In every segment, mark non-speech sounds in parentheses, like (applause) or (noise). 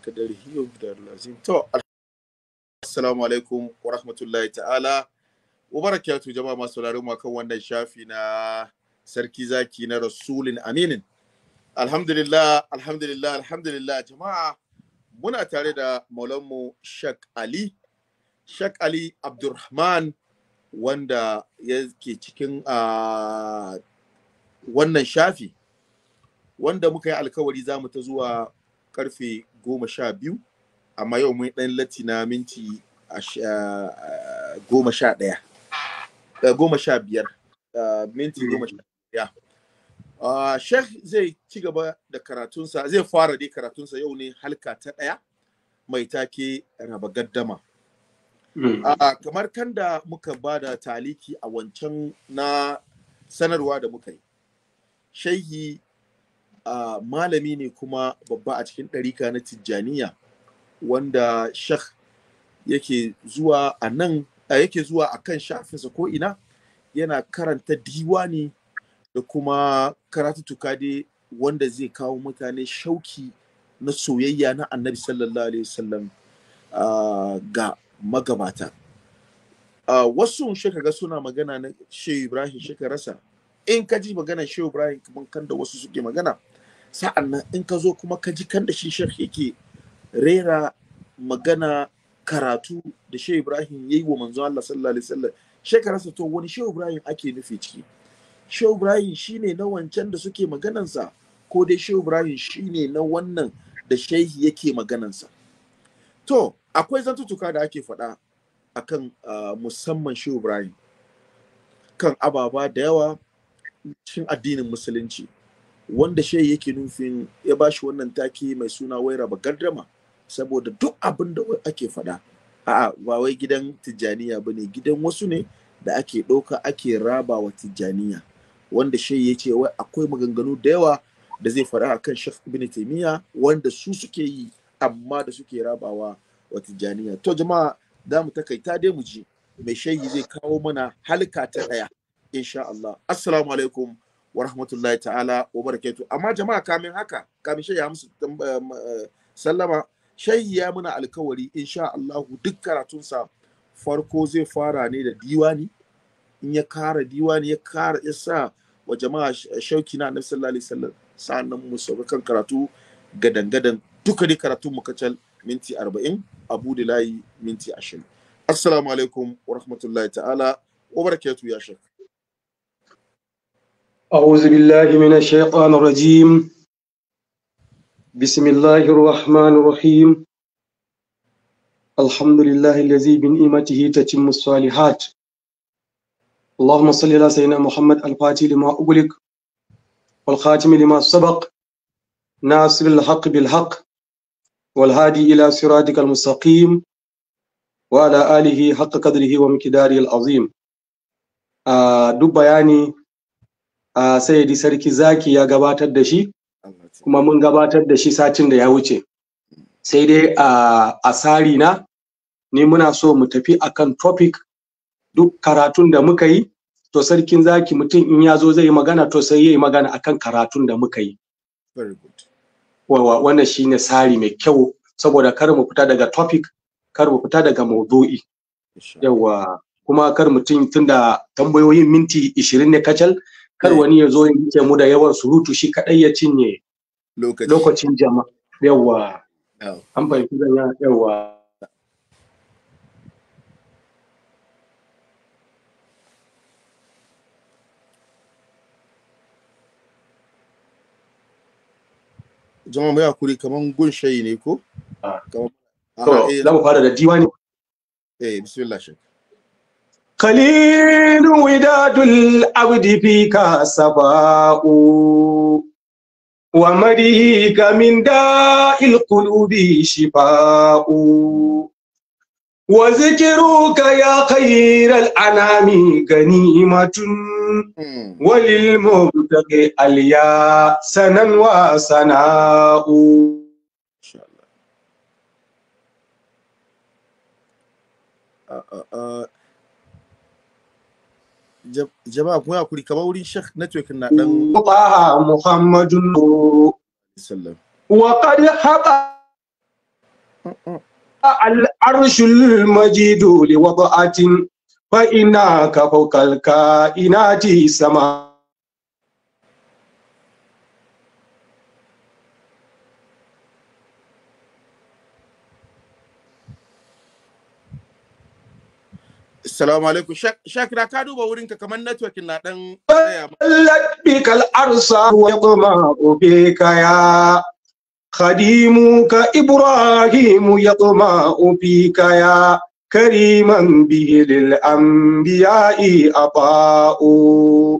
kadarihi wa bidarul azim to assalamu alaikum wa rahmatullahi ta'ala wa barakatuh jama'a masu sauraron mu kan wannan shafi na sarki zaki na rasulin aminin alhamdulillah alhamdulillah alhamdulillah jama'a muna tare da maulanmu shak ali shak ali abdurrahman wanda yake cikin uh, wannan shafi wanda muka yi alkawari za mu ta zuwa karfe goma sha biyu amma yau mun ɗan lati na minti eh, eh, goma sha ɗaya eh, goma sha biyar minti goma sha biyar. Ah, Sheikh zai ci gaba da karatunsa zai fara dai karatunsa yau ne halka ta ɗaya mai take raba gaddama hmm. ah, kamar kan da muka ba da taliki a wancan na sanarwa da muka yi shehi malami ne kuma babba a cikin ɗarika na tijjaniya wanda shak yake zuwa a nan yake zuwa a kan shafinsa ko'ina, yana karanta diwani da kuma karatuttuka dai wanda zai kawo mutane shauki na soyayya na annabi sallallahu alaihi wasallam ga magabata wasu shekaga suna magana na shehu ibrahim shekarasa in ka ji magana shehu ibrahim kaman kan da wasu suke magana sa'an nan in ka zo kuma ka ji kan da shi shek yake rera magana karatu da shehu ibrahim ya wa manzon allah sallallahu alaihi wasallam shekararsa to wani shehu ibrahim ake nufi ciki shehu ibrahim shine na wancan da suke maganansa ko dai shehu ibrahim shine na wannan da shehi yake maganansa to akwai zantutuka da ake faɗa akan uh, ah, musamman shehu ibrahim kan ababa da yawa cikin addinin musulunci wanda shehi yake nufin ya ba shi wannan take mai suna wai raba gardama saboda duk abin da ake faɗa a'a ba wai gidan tijjaniya ba ne gidan wasu ne da ake ɗauka ake raba wa tijjaniya wanda shehi ya ce wai akwai maganganu da yawa da zai faɗa akan shaf ibn taimiyya wanda su suke yi amma da suke rabawa wa tijjaniya to jama'a za mu takaita dai mu ji mai shayi zai kawo mana halka ta ɗaya insha Allah assalamu alaikum wa rahmatullahi ta'ala wa barakatuh amma jama'a kamin haka kamin shayya musu eh, eh, sallama shayya muna alkawari insha Allah duk karatunsa farko zai fara ne da diwani in ya kara diwani ya kara ya sa wa jama'a eh, shauki na annabi sallallahu alaihi wasallam sa'annan mu sauka kan karatu gadan gadan duka ne karatu mu kacal minti 40 abu da layi minti 20 assalamu alaikum wa rahmatullahi ta'ala wa barakatuh ya shek أعوذ بالله من الشيطان الرجيم بسم الله الرحمن الرحيم الحمد لله الذي بنعمته تتم الصالحات اللهم صل على سيدنا محمد الفاتح لما أغلق والخاتم لما سبق ناصر الحق بالحق والهادي إلى صراطك المستقيم وعلى آله حق قدره ومقداره العظيم آه دب يعني a sayyadi sarki zaki ya gabatar da shi kuma mun gabatar da shi satin da ya wuce sai dai a asari na ni muna so mu tafi akan topic duk karatun da muka yi to sarkin zaki mutum in ya zo zai yi magana to sai yi magana akan karatun da muka yi wannan shine tsari mai kyau saboda kar mu fita daga topic kar mu fita daga maudu'i yawa kuma kar mutum tunda tambayoyin minti 20 ne kacal kar eh. wani ya zo ya mu da yawan surutu shi kadai ya cinye lokacin jama'a yawa an fahimci zan yawa jama'a mai hakuri kaman gun shayi ne ko? Ah. Kaman. Eh. Za mu fara da diwani. Eh, bismillah shekara. قليل وداد العبد فيك سباء ومريك من داء القلوب شفاء وذكرك يا خير الأنام غنيمة وللمبتغي اليا سنا وسناء Uh, uh, uh. آه، آه، آه. jama'a kun hakuri kamar wurin shek network na dan Taha Muhammadun sallam wa qad haqa العرش المجيد لوضعة فإنك فوق الكائنات sama. Assalamu alaikum. Shakira ka duba wurinka kamar networking na dan tsaya. Ladbi kal arsa wa yaquma ubika ya Khadimu ka Ibrahim yaquma ubika ya Kariman bihi lil anbiya'i ata'u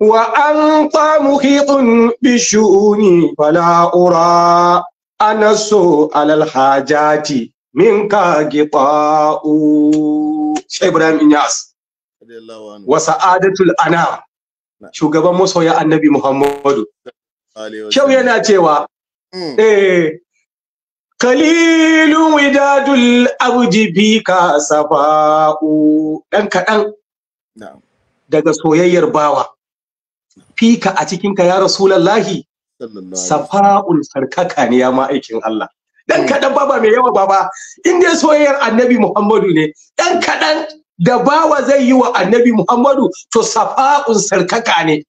wa anta muhitun bi shuni fala ura anasu alal hajati Minka ka giba'u ibrahim inyas wa sa'adatul ana shugaban masoya annabi muhammadu kyau yana cewa hmm. eh kalilun widadul bi ka saba'u dan kaɗan daga soyayyar bawa fika a cikinka ya rasulallahi safa'un sarkaka ne ya ma'aikin Allah dan mm. kaɗan baba mai yawa baba, in dai soyayyar annabi muhammadu ne dan kaɗan da bawa zai yi wa annabi muhammadu to safa'un sarkaka ne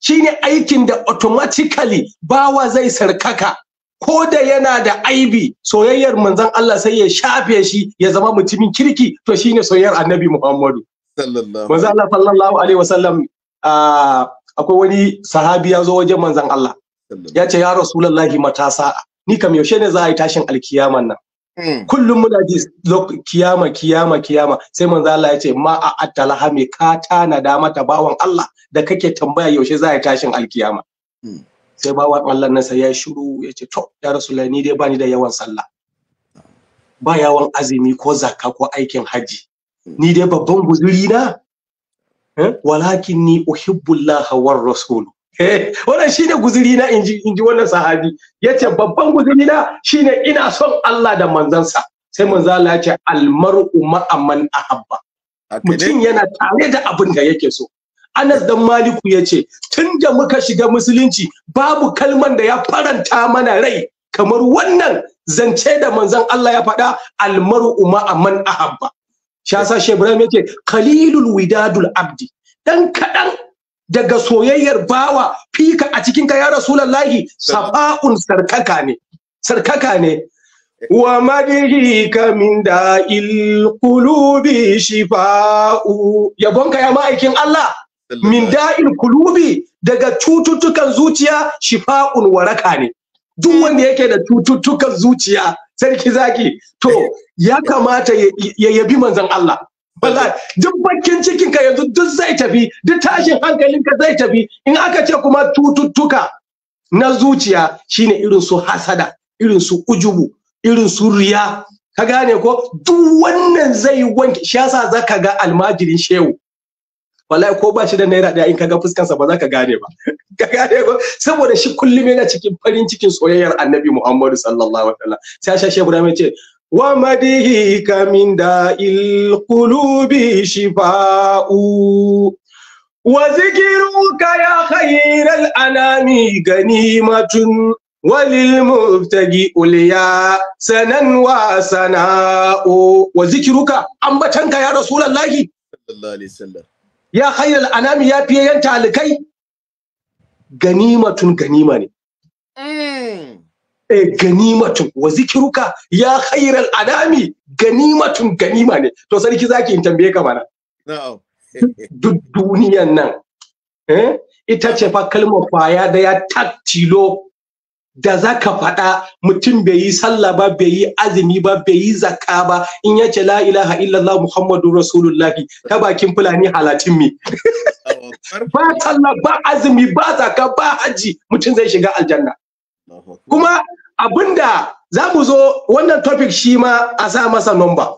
shine aikin da automatically bawa zai sarkaka ko da yana da aibi soyayyar manzon Allah sai ya shafe shi ya zama mutumin kirki to shine soyayyar annabi muhammadu manzon Allah sallallahu alaihi wasallam akwai wani sahabi ya zo wajen manzon Allah ya ce ya rasulullahi matasa ni kam yaushe ne za a yi tashin alkiyaman nan hmm. kullum muna ji kiyama kiyama kiyama sai manzo Allah ya ce ma a atalhami ka tana da mata bawan Allah da kake tambaya yaushe za a yi tashin alkiyama hmm. sai bawan Allah nan sai ya shiru ya ce to ya rasulullahi ni dai bani da yawan sallah ba yawan azumi ko zakka ko aikin haji hmm. ni dai babban guzuri na eh, walakin ni uhibbullaha war rasulu Eh, wannan shine guzuri na inji inji wannan sahabi yace babban guzuri na shine ina son Allah da manzansa sai manzo Allah yace almar'u ma'aman ahabba mutum yana tare da abin da yake so Anas dan Maliku yace tun da muka shiga musulunci babu kalman da ya faranta mana rai kamar wannan zance da manzon Allah ya faɗa almar'u ma'aman ahabba shi yasa Ibrahim yace qalilul widadul abdi dan kadan daga soyayyar bawa fika a cikin ka ya rasulullahi safa'un sarkaka ne sarkaka ne wa madhika min da'il qulubi shifa'u yabonka ya ma'aikin Allah min da'il kulubi daga cututtukan zuciya shifa'un waraka ne duk wanda yake da cututtukan zuciya sarki zaki to ya kamata ya yabi manzon Allah wallahi duk bakin cikinka yanzu duk zai tafi duk tashin hankalin ka zai tafi in aka ce kuma tututtuka na zuciya shine irin su hasada irin su ujubu irin su riya ka gane ko duk wannan zai wanke shi yasa ka ga almajirin shehu wallahi ko ba shi da naira ɗaya in ka ga fuskansa ba za ka gane ba (laughs) ka gane ba saboda shi kullum yana cikin farin cikin soyayyar annabi muhammadu sallallahu alaihi wasallam sai shehu ibrahim ce ومدهك من داء القلوب شفاء وذكرك يا خير الأنام غنيمة وللمبتغي أولياء سنا وسناء وذكرك أنبتنك يا رسول الله صلى الله عليه وسلم يا خير الأنام يا بيان تعلقي غنيمة غنيمة Eh, ganimatun wa zikiruka ya khairal adami ganimatun ganima ne to sarki zaki in tambaye ka mana duk duniyan nan eh, ita ce fa kalmar kwaya da ya tattilo da zaka faɗa mutum bai yi sallah ba bai yi azumi ba bai yi zakka ba in ya ce la ilaha illallah muhammadu rasulullah ta bakin fulani halatin mi (laughs) ba sallah ba azumi ba zakka ba haji mutum zai shiga aljanna kuma abinda za mu zo wannan topic shi ma a sa masa number.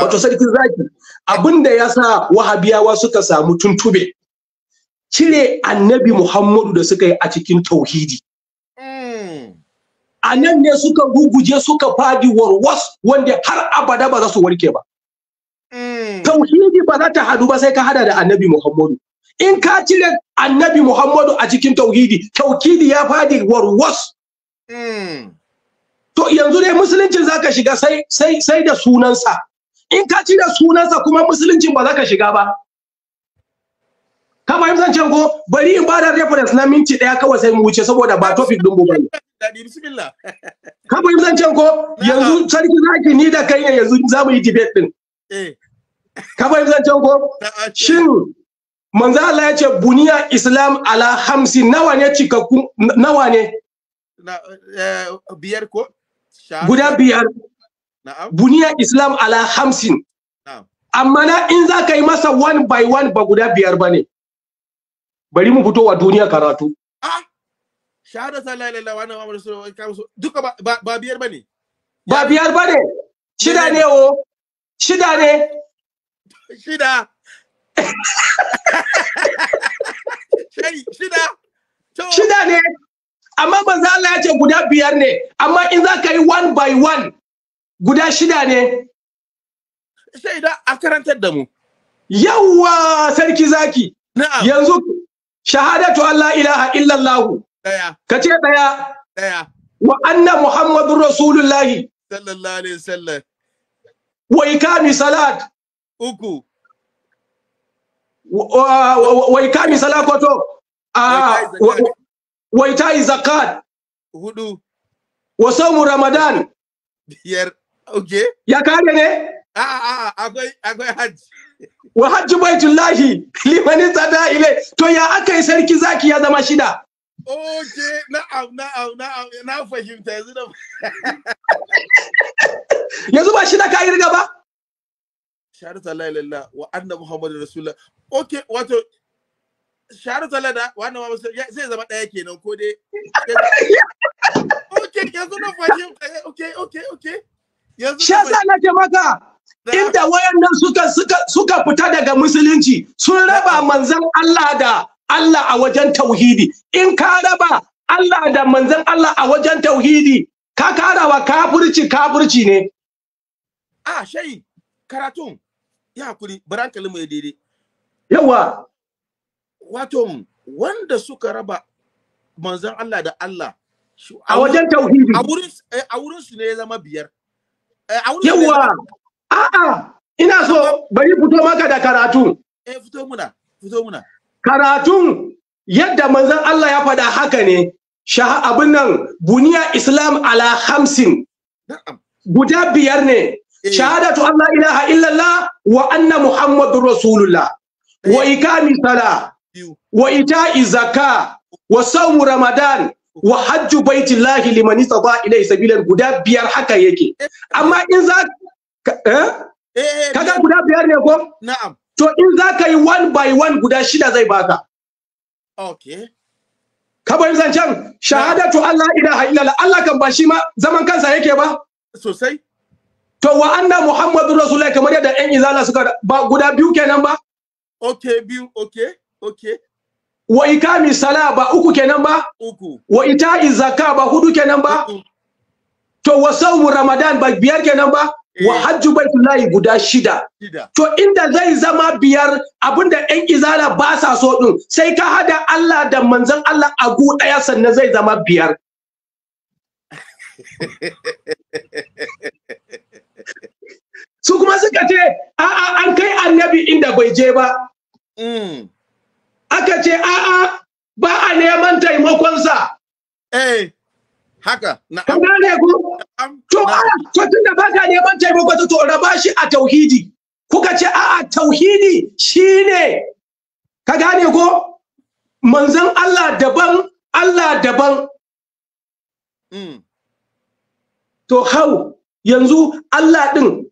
wato sarki zaki abinda ya sa wahabiyawa suka samu tuntube cire annabi muhammadu da suka yi a cikin tauhidi hmm. a nan ne suka guguje suka fadi warwas wanda har abada ba za su warke ba hmm. tauhidi ba za ta hadu ba sai ka hada da annabi muhammadu in ka cire annabi Muhammadu a cikin tauhidi tauhidi ya fadi warwas hmm. to yanzu dai musuluncin zaka shiga sai sai sai da sunansa in ka cire sunansa kuma musuluncin ba zaka shiga ba ka fahimta can ko bari in bada reference na minti daya kawai sai mu wuce saboda ba topic din mu bane bismillah ka fahimta can ko yanzu sarki zaki ni da kai yanzu zamu yi debate din eh ka fahimta can ko shin manzo Allah ya ce buniya islam ala hamsi nawa ne cikakku nawa ne eh, biyar ko guda biyar buniya islam ala hamsin amma na in za ka yi masa one by one ba guda biyar ba ne bari mu fito wa duniya karatu ah! shahada sallallahu alaihi wa sallam rasulullah duka ba biyar bane ba biyar ne shida ne o shida ne (laughs) shida shida ne amma manzo Allah ya ce guda biyar ne amma in za ka yi one by one guda shida ne sai da a karantar da mu yawwa sarki zaki yanzu shahadatu Allah ilaha illallah ka ce ɗaya. daya wa anna muhammadur rasulullahi sallallahu alaihi wasallam wa ikami salat uku wa ikami sala ko to ah, wa itai zakat hudu wa saumu ramadan biyar okay ya kare ne a ah, a ah, akwai akwai hajji wa hajji lahi limani (laughs) tsada ile to ya aka akai sarki zaki ya zama shida Oke, au na au na au na fahimta yanzu da (laughs) Yanzu ba shi da ka yi riga ba? Shahadatu Allah ilallah wa anna Muhammadu Rasulullah ok wato sharu talada wannan ma zai zama ɗaya kenan ko dai ok yanzu na fahimta eh, ok ok ok yanzu shi yasa na ce maka inda wayannan suka suka suka fita daga musulunci sun raba manzon Allah da Allah a wajen tauhidi in ka raba Allah da manzon Allah a wajen tauhidi ka karawa kafirci kafirci ne a ah, shayi karatun ya hakuri baran ya daidai yawa wato wanda suka raba manzon Allah da Allah a wajen tauhidi a wurin eh, a wurin su ne ya zama biyar eh, yawa a'a ina so bari fito maka da karatu eh fito muna fito muna karatun yadda manzon Allah ya faɗa haka ne sha abin nan buniya islam ala hamsin guda biyar ne eh. shahadatu Allah ilaha illallah wa anna muhammadur rasulullah wa ikami sala wa ita'i zaka wa sawmu ramadan wa hajju baitillahi liman istata ilai sabila guda biyar haka yake amma in za eh? Eh, eh, eh kaga guda biyar ne ko na'am to in za ka yi one by one guda shida zai baka okay kabarin zancen shahadatu Allah ilaha illallah Allah kan ba shi ma zaman kansa yake ba sosai to wa anna muhammadur rasulullahi kamar yadda yan izala suka ba guda biyu kenan ba okay biyu okay okay wa ikami sala ba uku kenan ba uku wa ita'i zaka ba hudu kenan ba to wa sawmu ramadan ba biyar kenan ba eh. wa hajju baitullahi guda shida to inda zai zama biyar abinda yan izala ba sa so din sai ka hada Allah da manzon Allah a gu ɗaya sannan zai zama biyar (laughs) su kuma suka ce a'a an kai annabi inda bai je ba mm. aka ce a'a ba a neman taimakonsa eh haka na ne ku to to tunda ba ka neman taimako to raba shi a tauhidi kuka ce a'a tauhidi shine ka gane ko manzon Allah daban Allah daban mm. to hau yanzu Allah ɗin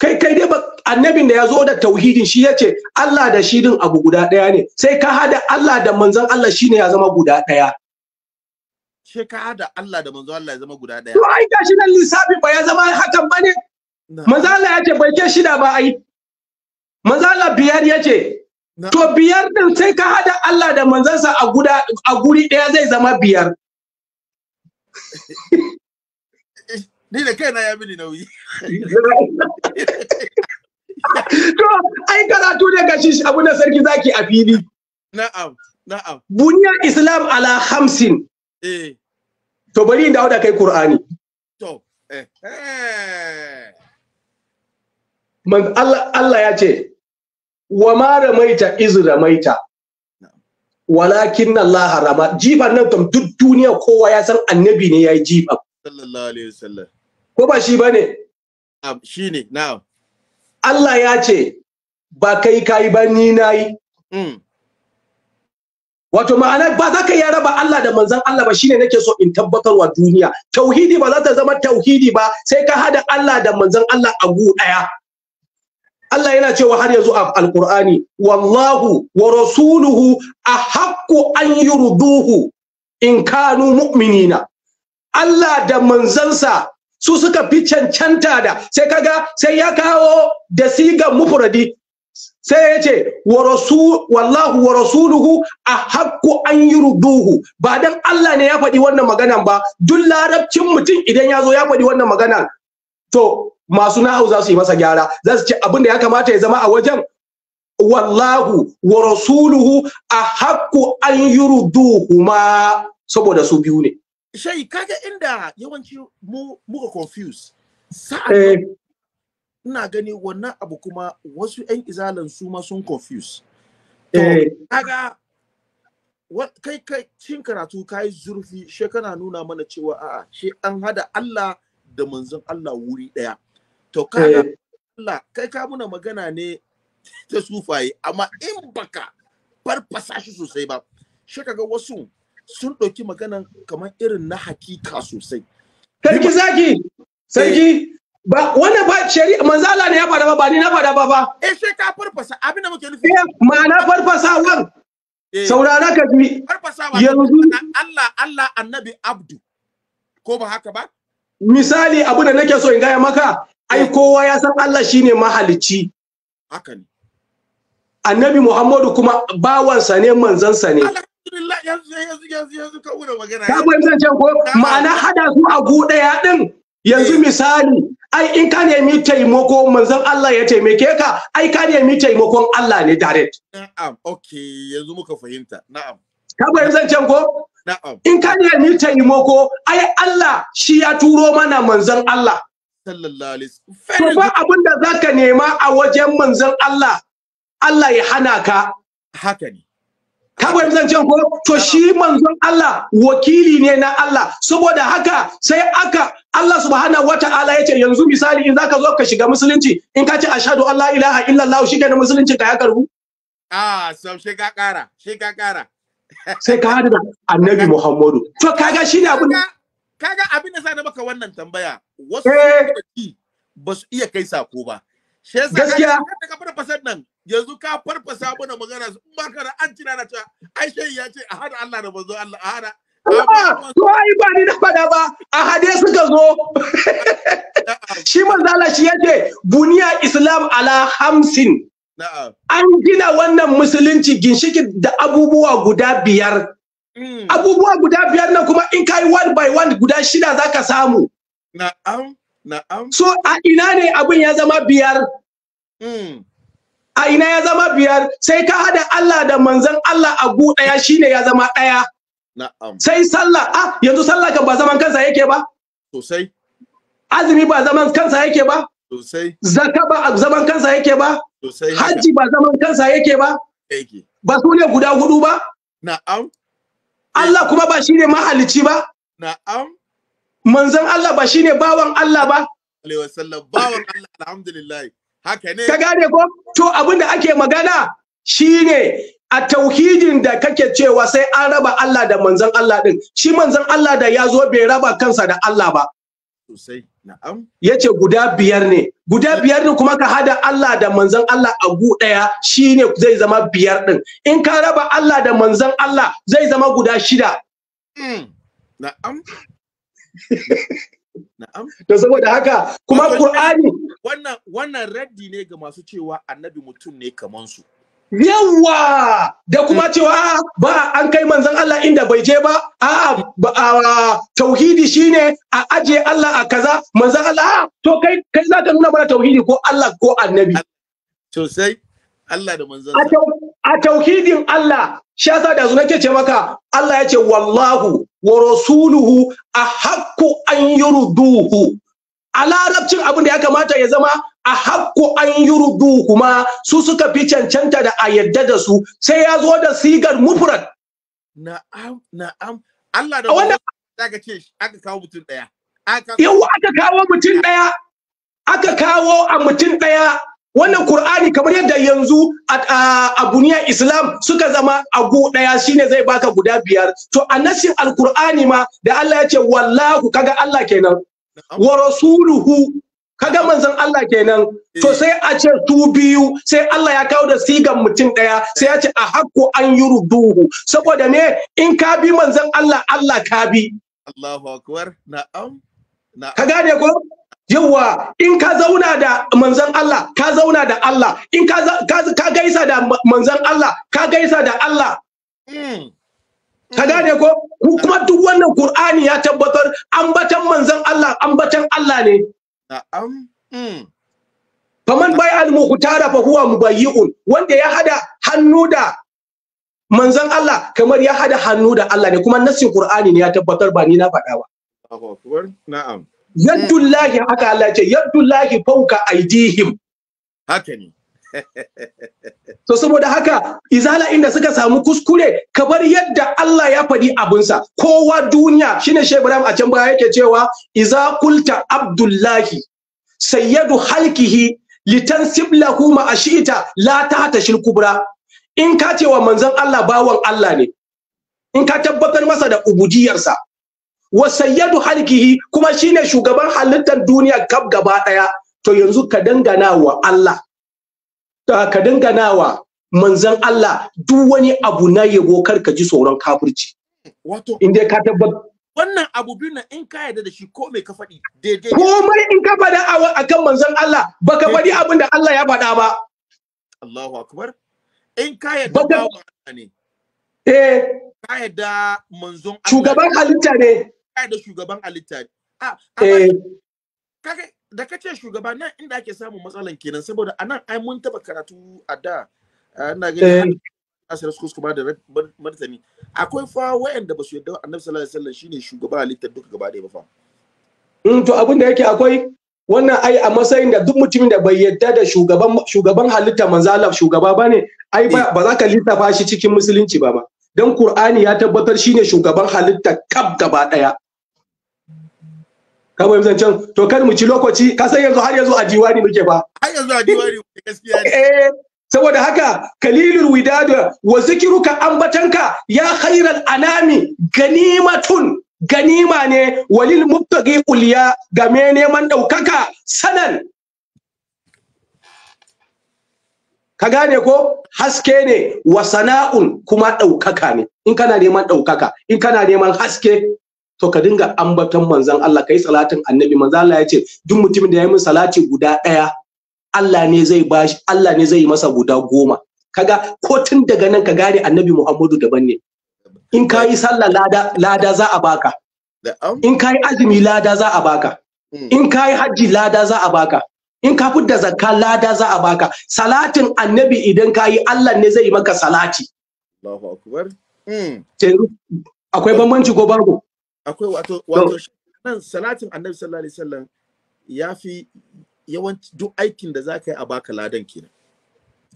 kai kai dai annabin da ya zo da tauhidin shi yace Allah da shi din abu guda ɗaya ne sai ka hada Allah da manzon Allah shine ya zama guda ɗaya sai ka hada Allah da manzon Allah ya zama guda ɗaya to ai gashi nan lissafi ba ya zama hakan bane manzon Allah yace bai ke shida ba ai manzon Allah biyar yace to biyar din sai ka hada Allah da manzansa a guda a guri ɗaya zai zama biyar (laughs) ni da kaina ya mini nauyi to ai karatu ne gashi abu na sarki zaki a fili na'am na'am buniyar islam ala hamsin eh to bari in dawo da kai qur'ani to eh, eh. man Allah Allah ya ce wa ma ramaita iz ramaita walakin Allah rama jifan nan kam duk duniya kowa ya san annabi ne yayi jifa sallallahu alaihi wasallam ko ba shi bane shi ne na'am Allah ya ce ba kai kai ba ni nayi hmm. wato ma'ana ba za ka iya raba Allah da manzon Allah ba shine nake so in tabbatarwa duniya tauhidi ba za ta zama tauhidi ba sai ka hada Allah da manzon Allah a gu daya Allah yana cewa har yanzu a alkur'ani wallahu wa rasuluhu ahaqqu an yurduhu in kanu mu'minina Allah da manzansa su suka fi cancanta da sai kaga sai ya kawo da sigan mufradi sai ya ce wallahu wa rasuluhu a hakku an yi ruduhu ba dan Allah ne ya faɗi wannan maganan ba duk larabcin mutum idan ya zo ya faɗi wannan maganan to masu nahau za su yi masa gyara za su ce abin da ya kamata ya zama a wajen wallahu wa rasuluhu a hakku an yi ruduhu ma saboda su biyu ne shai kaga inda yawanci mu muka confuse sa'an eh. ina gani wannan abu kuma wasu 'yan izalan su ma sun confuse eh. kaga kai kai cin karatu kai zurfi she kana nuna mana cewa a'a she an hada Allah da manzon Allah wuri daya to kaga eh. Allah kai ka muna magana ne ta sufaye amma in baka farfasa shi sosai ba she kaga wasu sun ɗauki maganan kamar irin na hakika sosai. Sarki zaki, sarki, eh. ba wannan ba shari'a manzala ne ya faɗa ba ba ni na faɗa ba ba. Eh sai ka farfasa abin da muke nufi. Eh ma'ana farfasawan. Eh. Saurara ka ji. Farfasawa. Yanzu Allah Allah Annabi Abdu. Ko ba haka ba? Misali abu da nake so in gaya maka, ai eh. kowa ya san Allah shine mahalicci. Haka ne. Annabi Muhammadu kuma bawansa ne manzansa ne. Allah Ka fahimtar can ko ma'ana hada su a gu ɗaya ɗin yanzu misali ai in ka nemi taimako manzon Allah ya taimake ka ai ka nemi taimakon Allah ne direct. Na'am okay yanzu muka fahimta na'am. Ka fahimtar can ko? Na'am. In ka nemi taimako ai Allah shi ya turo mana manzon Allah. Sallallahu alaihi wasallam. To ba abin da zaka nema a wajen manzon Allah Allah ya hana ka. Haka ne. ka fahimci zancen ko to shi manzon Allah wakili ne na Allah saboda haka sai aka Allah subhanahu wata'ala ya ce yanzu misali in zaka zo ka shiga musulunci in ka ce ashhadu an ilaha ilaha illallah shi na musulunci ka ya karbu ah so shi ka kara shi ka kara sai ka hada annabi Muhammadu to kaga shi ne abin kaga abin da sa na maka wannan tambaya wasu eh. ba su iya kai sako ba gaskiya ka fara fasar nan yanzu ka farfasa mana magana su ba ka da an tuna na cewa ai ya ce a hada Allah da bazo Allah a hada to ai ba ni na faɗa ba a hade suka zo (laughs) shi manzala shi yace buniya islam ala hamsin an gina wannan musulunci ginshiki da abubuwa guda biyar hmm. abubuwa guda biyar na kuma in kai one by one guda shida zaka samu na'am so a ina ne abin ya zama biyar hmm. a ina ya zama biyar sai ka hada Allah da manzon Allah a gu daya shine ya zama daya na'am sai sallah ah yanzu sallah ka ba zaman kansa yake ba sosai azumi ba zaman kansa yake ba sosai zakka ba zaman kansa yake ba sosai haji ba zaman kansa yake ba yake ba su ne guda hudu ba na'am Allah kuma ba shine mahalici ba na'am manzon Allah ba shine bawan Allah ba alaihi wasallam bawan Allah alhamdulillah haka ne ka gane ko to abin da ake magana shine a tauhidin da kake cewa sai an raba Allah da manzon Allah din shi manzon Allah da ya zo bai raba kansa da Allah ba sosai na'am yace guda biyar ne guda biyar ne kuma ka hada Allah da manzon Allah a gu daya shine zai zama biyar din in ka raba Allah da manzon Allah zai zama guda shida hmm. na'am (laughs) na'am to saboda haka kuma Qur'ani wannan raddi ne ga masu cewa annabi mutum ne kaman su yawa da kuma hmm. cewa ba an kai manzon Allah inda bai je ba a tauhidi shine a aje Allah a kaza manzon Allah to kai kai zaka nuna mana tauhidi ko Allah ko annabi sai Allah da manzon a tauhidin Allah shi yasa da zuwa ce maka Allah yace, ce wallahu wa rasuluhu ahqqu an yurduhu a larabcin abin da ya kamata ya zama a hakku an rudu kuma su suka fi cancanta da a yadda da su sai ya zo da sigar mufrad na'am na'am Allah da aka ce aka kawo mutum daya yawa aka kawo mutum daya aka kawo a mutum daya wannan Qur'ani kamar yadda yanzu a duniya Islam suka zama agu daya shine zai baka guda biyar to a nasin ma da Allah ya ce wallahu kaga Allah kenan wa rasuluhu kaga manzon Allah kenan to eh. sai a ce su biyu sai Allah ya kawo da sigan mutum daya sai ya ce a hakku an yurduhu saboda ne in ka bi manzon Allah Allah ka bi Allahu akbar na'am ka gane ko yawa in ka zauna da manzon Allah ka zauna da Allah in ka ka gaisa da manzon Allah ka gaisa da Allah hmm. ka gane ko kuma duk wannan qur'ani ya tabbatar ambatan manzon Allah ambatan Allah ne na'am hmm. faman bai al muqtara fa huwa mubayyi'un wanda ya hada hannu da manzon Allah kamar ya hada hannu da Allah ne kuma nassin qur'ani ne ya tabbatar ba ni na faɗa ba na'am yadullahi aka Allah ce yadullahi fawka aidihim haka ne So saboda haka izala inda suka samu kuskure ka bar yadda Allah ya faɗi abinsa kowa duniya shine Shehu Ibrahim a can baya yake cewa iza kulta Abdullahi sayyadu halkihi litansib lahu ma ashita la tahta shil kubra in ka cewa manzon Allah bawan Allah ne in ka tabbatar masa da ubudiyarsa wa sayyadu halkihi kuma shine shugaban halittar duniya kaf gaba daya to yanzu ka dangana wa Allah ka dinga nawa manzan Allah duk wani abu na yabo kar ka ji tsoron kafirci wato in dai ka tabbatar wannan abu biyu nan in ka yarda da shi ko mai ka faɗi daidai mai in ka faɗa akan manzon Allah baka faɗi abin da Allah ya faɗa ba Allahu akbar in ka yarda ba ne eh ka yarda manzon Allah shugaban halitta ne ka yarda shugaban halitta ne Ah, eh kage da kace shugaba nan inda ake samun matsalan kenan saboda anan ai mun taba karatu a da eh, ina ganin eh. asirar su kuma da martani akwai fa wayanda ba su yadda annabi sallallahu alaihi wasallam shine shugaba halittar duka gaba ɗaya ba fa in mm, to abin da yake akwai wannan ai a matsayin da duk mutumin da bai yadda da shugaban shugaban halitta manzala shugaba bane ai ba za ka lissafa shi cikin musulunci ba ba dan qur'ani ya tabbatar shine shugaban halitta kab gaba daya ka bai can? to kar mu ci lokaci ka san yanzu har yanzu a diwani muke ba har yanzu a diwani gaskiya ne. Eh, saboda haka kalilul widada wa zikruka ambatanka ya khairal anami ganimatun ganima ne walil mubtagi ulya game neman daukaka sanan ka gane ko haske ne wa sana'un kuma ɗaukaka ne in kana neman ɗaukaka in kana neman haske to ka dinga ambaton manzon Allah kai salatin annabi manzon Allah ya ce duk mutumin da ya yi min salati guda ɗaya Allah ne zai bashi Allah ne zai yi masa guda goma kaga ko tun daga nan ka gane annabi Muhammadu daban ne in ka yi sallah lada lada za a baka in ka yi azumi lada za a baka hmm. in ka yi hajji lada za a baka in ka fidda zakka lada za a baka salatin annabi idan ka yi Allah ne zai maka salati Allahu akbar hmm. akwai bambanci ko babu akwai wato wato nan salatin annabi sallallahu alaihi wasallam ya fi yawanci duk aikin da za ka yi a baka ladan kenan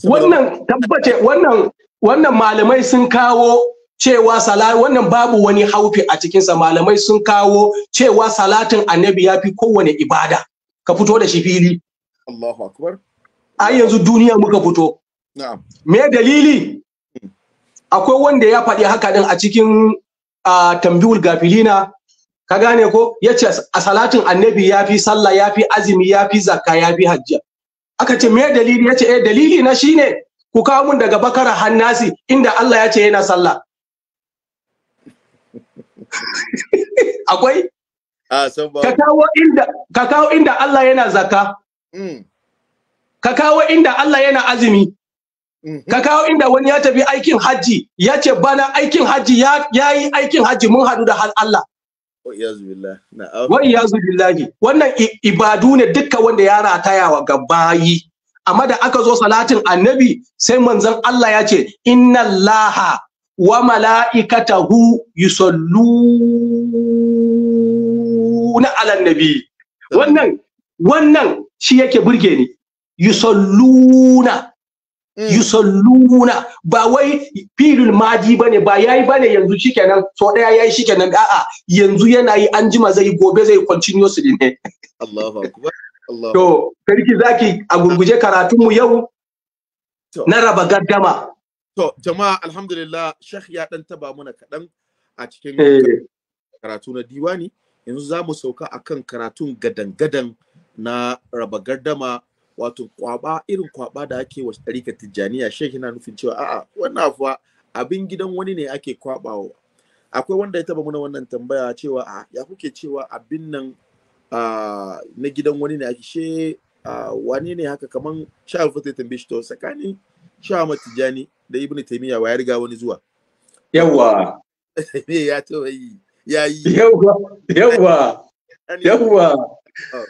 wannan tabbace wannan wannan malamai sun kawo cewa sala wannan babu wani haufi a cikinsa malamai sun kawo cewa salatin annabi ya fi kowane ibada ka fito da shi fili Allahu akbar ai yanzu duniya muka fito na'am me dalili hmm. akwai wanda ya faɗi haka din a cikin a tambihul gafilina ka gane ko yace a salatin annabi yafi sallah yafi azumi yafi zakka yafi hajja. aka ce me dalili yace eh dalili na shine ku kawo mun daga bakara hannasi inda Allah ya ce yana sallah (laughs) akwai ka kawo inda ka kawo inda Allah yana zakka mm. ka kawo inda Allah yana azumi Mhm. ka kawo inda wani ya tafi aikin hajji ya ce bana aikin hajji ya yi aikin hajji mun hadu da hal Allah wai ya billahi wannan ibadu ne dukkan wanda ya yawa ga bayi. amma da aka zo salatin annabi sai manzon Allah ya ce inna laha wa mala'ikatahu yusalluna ala nabi wannan wannan shi yake burge ni yusalluna Mm. yusalluna ba wai filul maji bane ba yayi bane yanzu shikenan so daya yayi shikenan a'a yanzu yana yi anjima zai gobe zai su ne (laughs) Allahu akbar Allahu to zaki a gurguje karatunmu yau na raba gaddama to jama'a alhamdulillah shekh ya dan taba mana kaɗan a cikin eh. karatu na diwani yanzu za mu sauka akan karatun gadan gadan na raba gardama wato kwaba irin kwaba da ake wa tsarika tijjaniya shek yana nufin cewa a'a wannan fa abin gidan wani ne ake kwabawa akwai wanda ya taba muna wannan tambaya cewa a ya kuke cewa abin nan na gidan wani ne ake she wani ne haka kaman sha ta tambaye shi to tsakanin sha tijjani da ibnu taimiyya wa ya riga wani zuwa yawa ne (laughs) ya to yi ya yi yawa yawa yawa oh,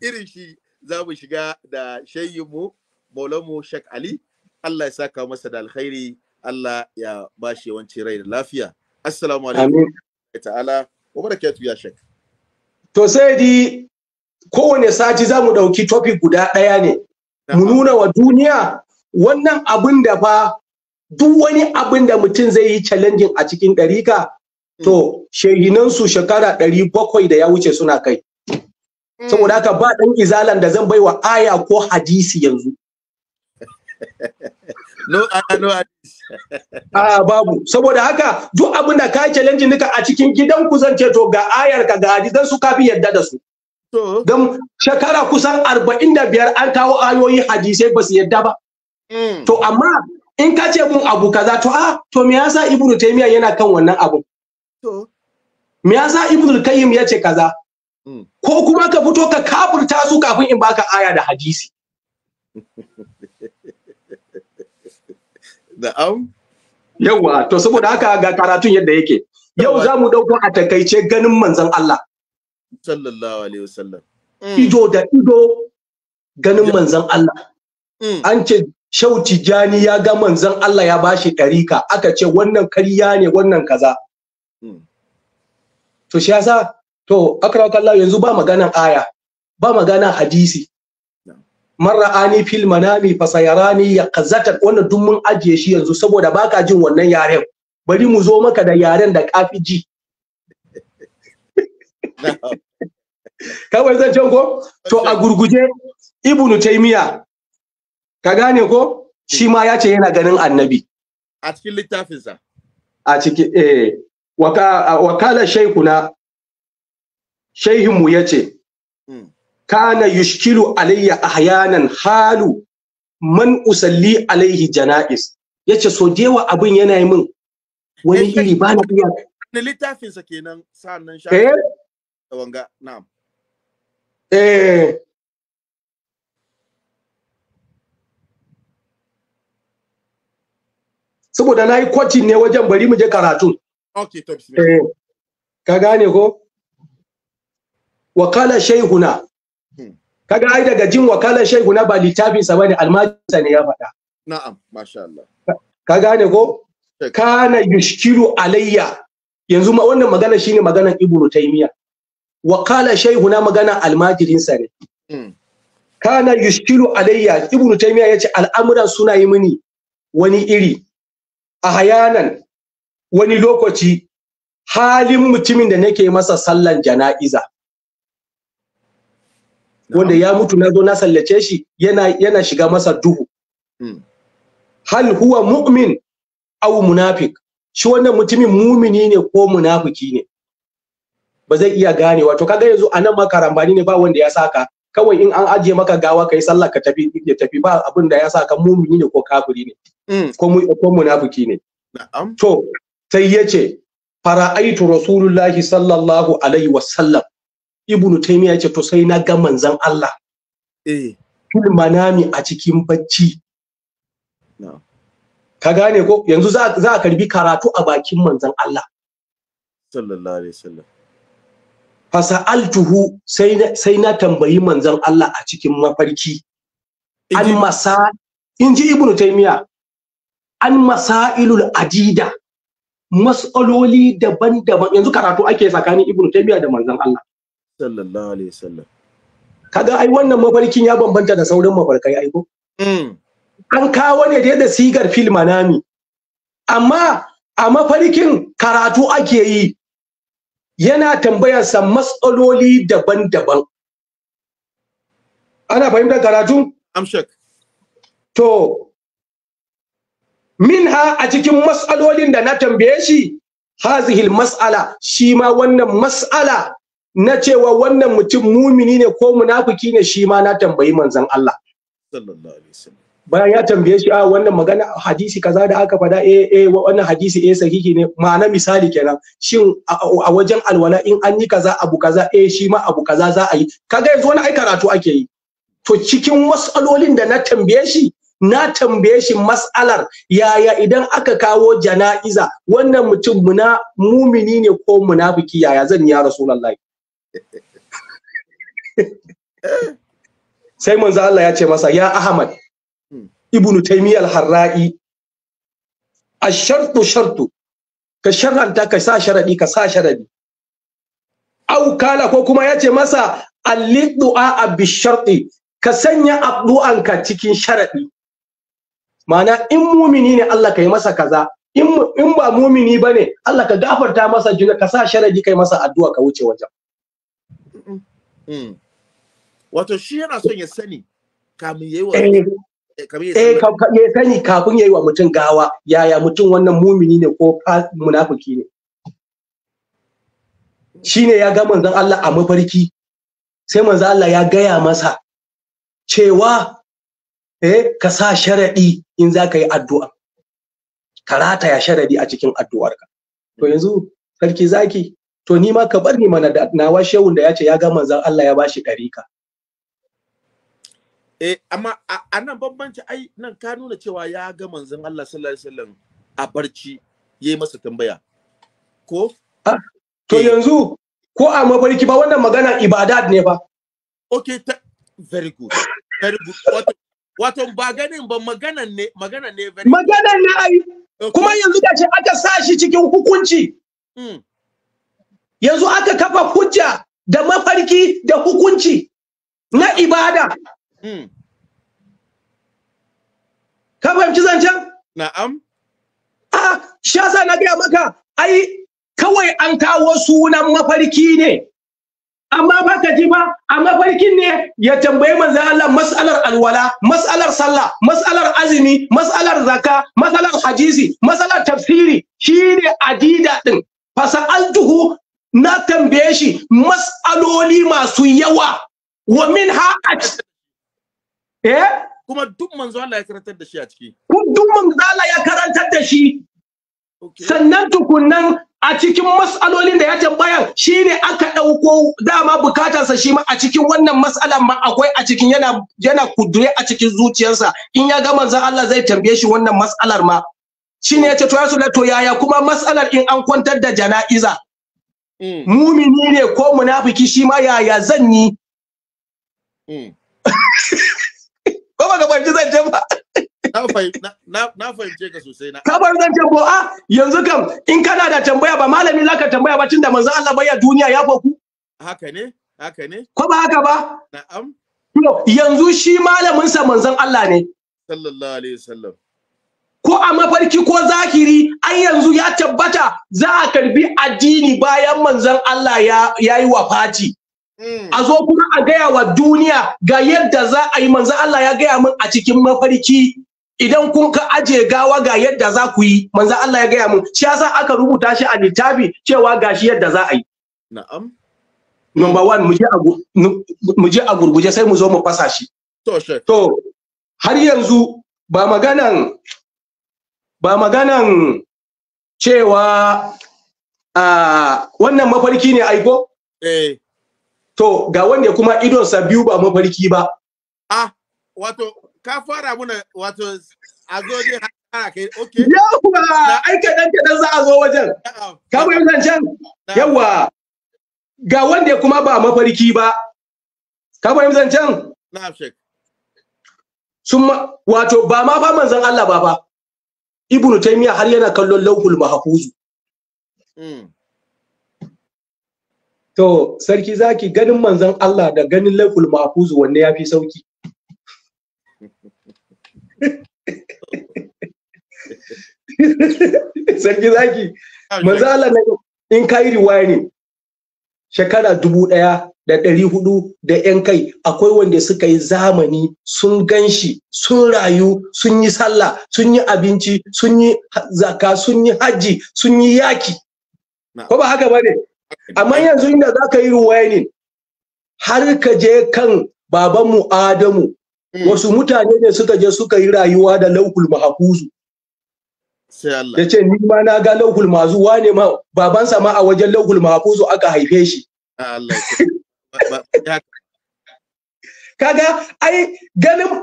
irin shi za mu shiga da shayyinmu maulamu shak Ali Allah ya saka masa da alkhairi Allah ya ba shi rai da lafiya assalamu alaikum ta'ala wa barakatuh ya shak. to sai di kowane sati za mu ɗauki topic guda ɗaya ne mu nuna wa duniya wannan abin da fa duk wani abin da mutum zai yi challenging a cikin ɗarika mm. to shehinansu shekara ɗari bakwai da ya wuce suna kai saboda mm. haka ba dan izalan da zan baiwa aya ko hadisi yanzu no no hadisi babu saboda haka duk abin da ka challenge nika a cikin gidan ku zance to ga ayar ka ga hadisan su kafi yadda da su don shekara kusan arba'in da biyar an kawo ayoyi hadisai ba su yadda ba mm. to amma in ka ce mun abu kaza to a ah, to me yasa ibnu taymiya yana kan wannan abu me yasa ibnu kayyim yace kaza ko kuma ka fito ka kafurta su kafin in baka aya da hadisi (laughs) na'am yawa to saboda haka ga karatun yadda yake yau za mu dauko a takaice ganin manzon Allah sallallahu alaihi wasallam mm. ido da ido ganin manzon Allah mm. an ce Shauti Jani ya ga manzon Allah ya bashi ɗarika aka ce wannan karya ne wannan kaza. Mm. To shi yasa to akrakallah yanzu ba maganan aya ba magana hadisi marra filmanami, fil manami fa sayarani yaqzatan wannan duk mun ajiye shi yanzu saboda baka jin wannan yaren bari mu zo maka da yaren da kafi ji (laughs) kawai zan ko to a gurguje ibnu taymiya ka gane ko shi ma ya ce yana ganin annabi a cikin littafinsa a cikin eh waka wakala shaykhuna shehinmu ya ce hmm. kana yushkilu alayya ahyanan halu man usalli alayhi jana'is yace so dewa abin yana yi min wani iri ba na iya na littafin sa kenan sanan sha eh wanga na'am eh saboda na yi kwacin ne wajen bari mu je karatu okay to bismillah eh. ka gane ko wakala shaihuna hmm. kaga ai daga jin wakala shaihuna ba littafin sa bane almajisa ne ya faɗa na'am masha Allah ka gane ko kana yushkiru alayya yanzu ma wannan magana shine maganan ibnu taymiya wakala shaihuna magana almajirin sa ne hmm. kana yushkiru alayya ibnu taymiya yace al'amuran suna yi mini wani iri a hayanan wani lokaci halin mutumin da nake masa sallan jana'iza wanda ya mutu na zo na sallace shi yana yana shiga masa duhu hmm. hal huwa mu'min aw munafiq shi wannan mutumin mumini ne ko munafiki ne ba zai iya gane wato kaga yanzu anan ma karambani ne ba wanda ya saka kawai in an ajiye maka gawa kai sallah ka tafi ya tafi ba abin da ya saka mumini ne ko kafiri ne hmm. ko munafiki ne to sai yace fara'aitu rasulullahi sallallahu alaihi wasallam ibnu taymiya ce to sai na ga manzan Allah eh fil manami a cikin bacci ka gane ko yanzu za a karbi karatu a bakin manzan Allah sallallahu alaihi wasallam fasa'altuhu sai sai na tambayi manzan Allah a cikin mafarki an masa inji ibnu taymiya an masailul adida mas'aloli daban-daban yanzu karatu ake tsakanin ibnu taymiya da manzan Allah sallallahu alaihi wasallam kaga ai wannan mafarkin ya bambanta da sauran mafarkai ai ko hmm. an kawo ne dai da sigar fil manami amma a mafarkin karatu ake yi yana tambayarsa matsaloli daban-daban ana fahimtar karatu amshak to minha a cikin matsalolin da na tambaye shi hazihil mas'ala shi ma wannan mas'ala na cewa wannan mutum mumini ne ko munafiki ne shi ma na tambayi manzon Allah bayan ya tambaye shi a wannan magana hadisi kaza da aka fada eh eh wannan hadisi eh sahihi ne ma'ana misali kenan shin a wajen alwala in an yi kaza abu kaza eh shi ma abu kaza za a yi kaga yanzu wani ai karatu ake yi to cikin matsalolin da na tambaye shi na tambaye shi matsalar, yaya idan aka kawo jana'iza wannan mutum muna mumini ne ko munafiki yaya zan yi ya rasulullahi sai manzo Allah ya ce masa ya Ahmad hmm. ibn Taymiyyah al-Harra'i ash-shartu shartu ka sharanta ka sa sharadi ka sa sharadi au kala ko kuma ya ce masa al-du'a bi sharti ka sanya ka cikin sharadi ma'ana in mumini ne Allah ka yi masa kaza in ba mumini bane Allah ka gafarta masa juna ka sa sharadi kai masa addu'a ka wuce wajen Mm. wato shi yana son ya sani eh. Eh, eh, ya sani kafin yayi wa mutum gawa yaya mutum wannan mumini ne ko munafiki ne Shi ne ya ga manzon Allah a mafarki sai manzon Allah ya gaya masa cewa eh ka sa sharaɗi in za ka yi addu'a ka rataya sharaɗi a cikin addu'arka to yanzu sarki zaki to ni ma ka bar ni mana da nawa shehun da ya ce ya ga manzon Allah ya bashi ɗarika. Eh, amma a nan bambanci ai nan ka nuna cewa ya ga manzon Allah sallallahu alaihi wasallam a barci yayi masa tambaya. Ko? Ah, to eh. yanzu ko a mafarki ba wannan magana ibadat ne ba. Okay, ta, very good. Very good. Wato, ba ganin ba magana ne, magana ne very Magana ne ai. Kuma yanzu da ce aka sa shi cikin hukunci. Mm. yanzu aka kafa hujja da mafarki da hukunci na ibada hmm. ka fahimci zancen na'am a shasa na gaya maka ai kawai an kawo sunan mafarki ne amma ba ka ji ba a mafarkin ne ya tambayi manzon Allah matsalar alwala matsalar sallah matsalar azumi matsalar zaka matsalar hadisi matsalar tafsiri shine adida din altuhu na tambaye shi mas'aloli masu yawa wa min minha eh kuma duk manzo Allah ya karantar da shi a ciki duk manzo Allah ya karantar da shi sannan tukunnan a cikin mas'alolin da ya tambaya shine aka dauko dama bukatarsa shi ma a cikin wannan mas'alan ma akwai a cikin yana yana kudure a cikin zuciyarsa in ya ga manzo Allah zai tambaye shi wannan mas'alar ma shine ya ce to ya to yaya kuma mas'alar in an kwantar da jana'iza Mm. mumini ne ko munafiki shi ma yaya zan yi mm. (laughs) ko ba ka zan zancen ba na fahimce ka sosai na kabar zancen ko a ah, yanzu kam in kana da tambaya ba malami zaka tambaya ba tunda manzo Allah bayya duniya ya foku haka ne haka ne ko ba haka ba na'am yanzu shi malamin sa manzon Allah ne sallallahu alaihi wasallam ko a mafarki ko zahiri ai yanzu ya tabbata za a karbi addini bayan manzon Allah ya yayi wafati hmm. a zo kuma a gaya wa duniya ga yadda za a yi manzon Allah ya gaya min a cikin mafarki idan kun ka aje gawa ga yadda za ku yi manzon Allah ya gaya min shi yasa aka rubuta shi a littafi cewa gashi yadda za a yi na'am number one mu je a gurguje sai mu zo mu fasa shi to har yanzu ba maganan ba maganan cewa a wannan mafarki ne aiko? Eh. To ga wanda kuma idonsa biyu ba mafarki ba. Ah, wato, ka fara muna wato a zo ne Yawwa, ai kaɗan kaɗan za a zo wajen. Ka bayan zancen? Yawwa, ga wanda kuma ba mafarki ba. Ka bayan zancen? Na'am, Sheikh. wato ba ma fa manzon Allah ba ba? ibnu taymiya har yana kallon lauhul mahfuz hmm. to sarki zaki ganin manzon Allah da ganin lauhul mahfuz wanne yafi sauki (laughs) sarki zaki manzon Allah in kai riwaya ne shekara dubu ɗaya da ɗari hudu da ‘yan kai akwai wanda suka yi zamani sun ganshi sun rayu sun yi sallah sun yi abinci sun yi zaka sun yi hajji sun yi yaki ko ba haka ba ne amma yanzu inda za ka yi ruwayanin har ka je kan babanmu adamu hmm. wasu mutane ne suka je suka yi rayuwa da laukul mahakuzu ya ce ni ma na ga lauhul mazu wane ma babansa ma a wajen lauhul mafuzu aka haife shi ah, (laughs) kaga ai ganin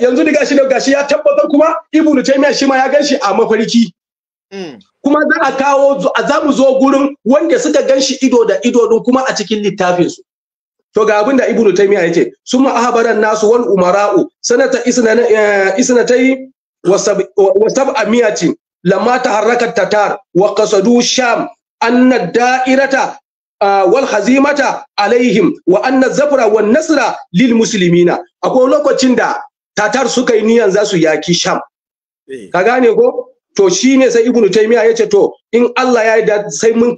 yanzu da gashi gashi ya tabbatar kuma da taimiyar shi ma ya ganshi a mafarki hmm. kuma za a kawo za mu zo gurin wanda suka ganshi ido da ido din kuma a cikin littafin su to ga abin da ibnu ya ce sun ma'ahabaran nasu wal umara'u sanata isna eh, isnatai وسبع مئة لما تحرك التتار وقصدوا الشام أن الدائرة والهزيمة عليهم وأن Akwai والنصر للمسلمين أقول لك تندا تتار za su yaki ياكي شام كغاني ko. to shine sai ibnu taymiya yace to in Allah ya yarda sai mun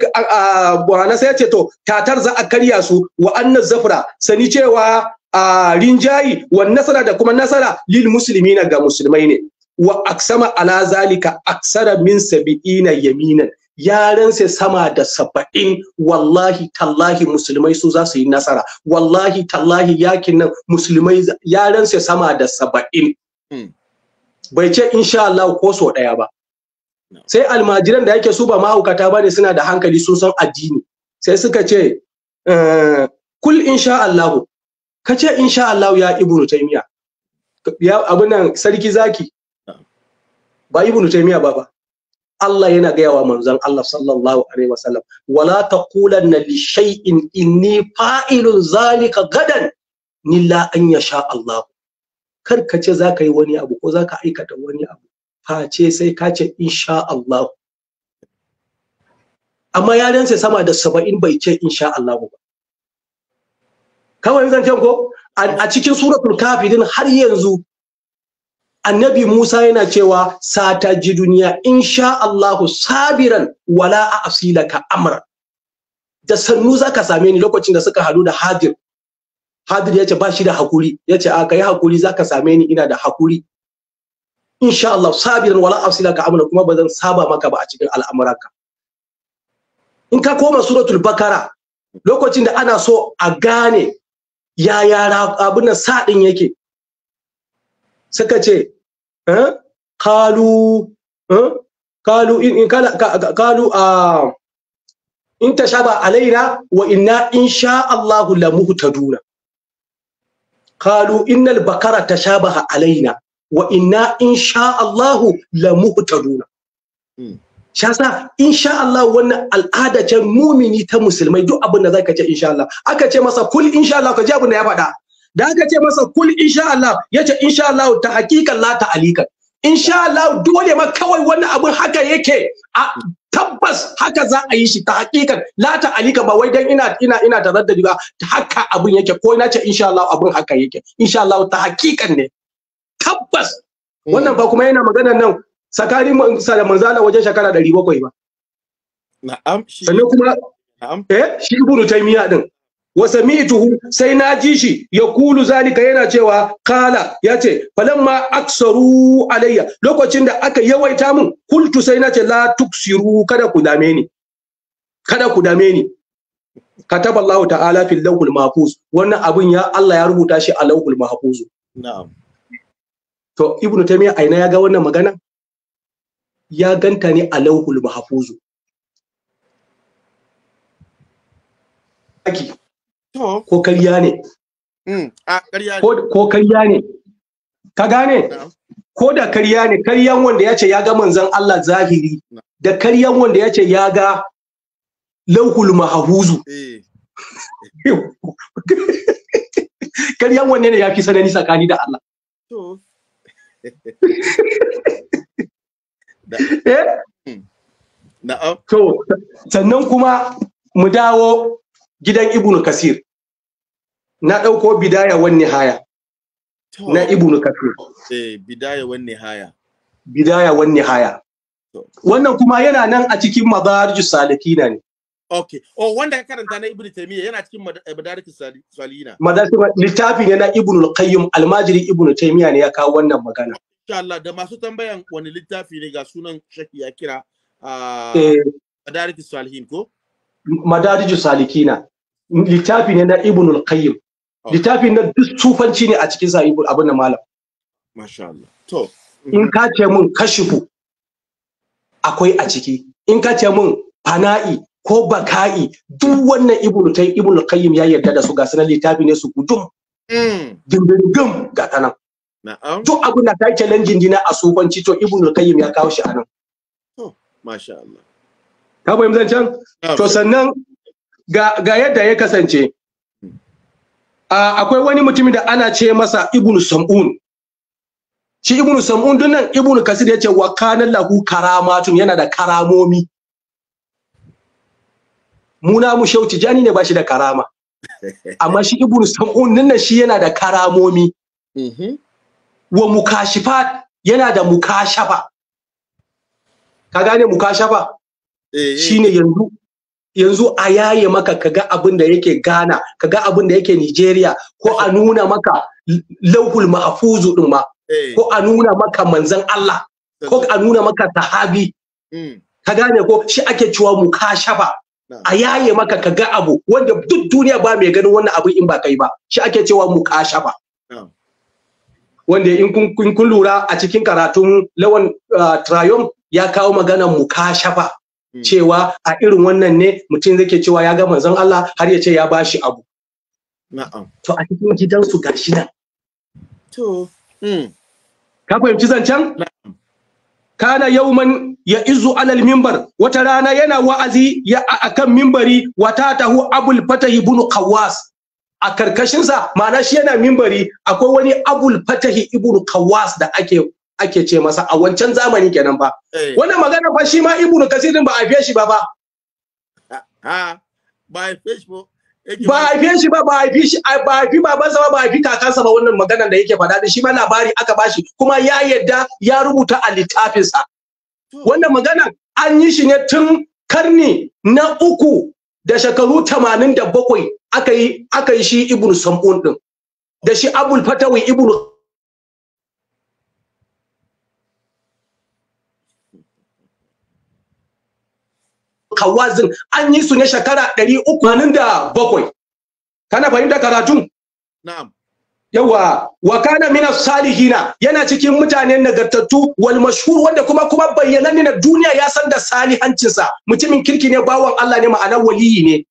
buhana sai yace to tatar za a karya su wa anna zafra sani cewa rinjayi wa nasara da kuma nasara lil muslimina ga musulmai ne wa aksama ala zalika aksara min sabi'ina yaminan yaran sai sama da saba'in wallahi tallahi musulmai su za su yi nasara wallahi tallahi yakin nan musulmai yaran sai sama da saba'in hmm. bai ce insha Allah ko so ɗaya ba sai almajiran da yake su ba mahaukata ba ne suna da hankali sun san addini sai suka ce eh, kul insha Allah ka ce insha Allah ya ibnu taymiya ya abin nan sarki zaki ba ibnu taymiya ba ba Allah yana gaya wa manzon Allah sallallahu alaihi wasallam wala taqulanna li shay'in inni fa'ilun zalika gadan nilla an yasha Allah kar ka ce zaka yi wani abu ko zaka aikata wani abu face sai ka ce insha Allah amma ya sai sama da saba'in bai ce insha Allah ba kawai zan ko a cikin suratul kafirin har yanzu annabi Musa yana cewa sata ji duniya insha Allahu sabiran wala a asilaka amra da sannu zaka same ni lokacin da suka hadu da Hadir Hadir ya ce ba shi da hakuri ya ce a kai hakuri zaka same ni ina da hakuri insha Allah sabiran wala asilaka amra kuma bazan saba maka ba a cikin al'amuranka in ka koma suratul bakara lokacin da ana so a gane yaya abin nan sa din yake suka ce kalu eh, kalu eh, in kalu a in ta ah, tashaba alaina wa inna insha Allah ta duna. kalu innal bakara tashabaha alaina wa inna insha Allah la muhtaduna hmm. shasa sha Allah wannan al'ada ce mumini ta musulmai duk abin da zaka ce sha Allah aka ce masa kul sha Allah ka ji abin da ya faɗa da aka ce masa kul insha Allah ya ce insha Allah ta hakikan la ta alikan insha Allah dole ma kawai wani abun haka yake a tabbas haka za a yi shi ta hakikan la ta alika ba wai dan ina ina ina ta raddadi ba haka abun yake ko ina ce insha Allah abun haka yake insha Allah ta hakikan ne tabbas wannan ba kuma yana magana nan sakari da manzala wajen shekara 700 ba na'am shi kuma na'am eh shi ibnu taymiya din wa sami'tuhu sai na ji shi yaqulu zalika yana cewa qala yace falamma aksaru alayya lokacin da aka yawaita mun kultu sai nace la tuksiru kada ku dame ni kada ku dame ni kataba Allah ta'ala fil lawhul mahfuz wannan abun ya Allah ya rubuta shi a lawhul mahfuz na'am to ibnu taymiya aina ya ga wannan magana ya ganta ne a lawhul mahfuz Aki. ko karya mm, ne ko karya ne ka gane ko da karya ne karyan wanda ya ce ya ga manzan Allah zahiri da karyan wanda ya ce ya ga lauhul mahafuzu eh. (laughs) karyan wanne ne ya fi sanani tsakani da Allah to (laughs) eh? hmm. sannan kuma mu dawo gidan ibnu kasir na ɗauko bidaya wan nihaya na ibnu kasir eh bidaya wan nihaya bidaya wan nihaya wannan kuma yana nan a cikin madarijus salikina ne Okay. Oh, wanda ka karanta na ibnu taymiya yana cikin eh, Madarij salikina Madarij littafin yana ibnu al-Qayyim almajiri Ibn Taymiyyah ne ya kawo wannan magana. Insha Allah da masu tambayan wani littafi ne ga sunan Shaki ya kira a ah, eh. Madarij Salihin ko? Madarij Salikina. littafi ne na ibn al-qayyim ah. littafi na duk sufanci ne a cikin sa ibn abin da malam masha Allah to mm-hmm. in ka ce mun kashifu akwai a ciki in ka ce mun fana'i ko baka'i duk wannan ibn tay ibn al-qayyim ya yarda da su ga sanan littafi ne su gudum mm. dindindin ga ta nan duk abin da ta challenge dina a sufanci to ibn al-qayyim ya kawo shi a nan masha Allah ka bayyana can to sannan ga, yadda ya kasance akwai wani mutumin da ana ce masa ibnu sam'un shi ibnu sam'un dinnan ibnu kasir ya ce wa kana lahu karamatun yana da karamomi muna mu shauti jani ne bashi da karama amma shi ibnu sam'un dinnan shi yana da karamomi mhm. wa mukashifat yana da mukashafa ka gane mukashafa eh, eh. shine yanzu yanzu a yaye maka kaga abin da yake Ghana kaga abin da yake Nigeria ko a nuna maka lauhul mahfuzu din ma eh. ko a nuna maka manzan Allah ko a nuna maka sahabi hmm. ka gane ko shi ake cewa mu kashafa a yaye maka kaga abu wanda duk duniya ba mai ganin wannan abin in ba kai ba shi ake cewa mu kashafa wanda in kun lura a cikin karatun lawan uh, ya kawo maganar mu kashafa Hmm. cewa a irin wannan ne mutum zai ke cewa ya ga manzon Allah har ya ce ya bashi abu na'am to a cikin gidansu gashi nan to hmm. ka fahimci zancen kana yauman ya izu alal mimbar wata rana yana wa'azi ya akan mimbari wata tahu abul fatahi ibn qawwas a karkashinsa ma'ana shi yana mimbari akwai wani abul fatahi ibn kawas da ake ake ce masa a wancan zamani kenan ba eh. wannan magana fa shi ma ibnu Kasir ba a haife shi ba ba ah, ah, ba haife shi ba ba a shi ba ba haifi shi ba a babansa ba ba haifi kakansa ba wannan maganar da yake faɗa shi ma labari aka bashi kuma ya yadda ya rubuta a littafinsa wannan magana an yi shi ne tun karni na uku da shekaru tamanin da bakwai aka yi aka yi shi ibn sam'un din da shi abul fatawi ibn kawazin an yi su ne shekara ɗari uku da bakwai kana fahimta karatun na'am yawa wa kana min salihina yana cikin mutanen nagartattu wal mashhur wanda kuma kuma bayyanannina na duniya ya san da salihancinsa mutumin kirki ne bawan Allah ne ma'anar waliyi ne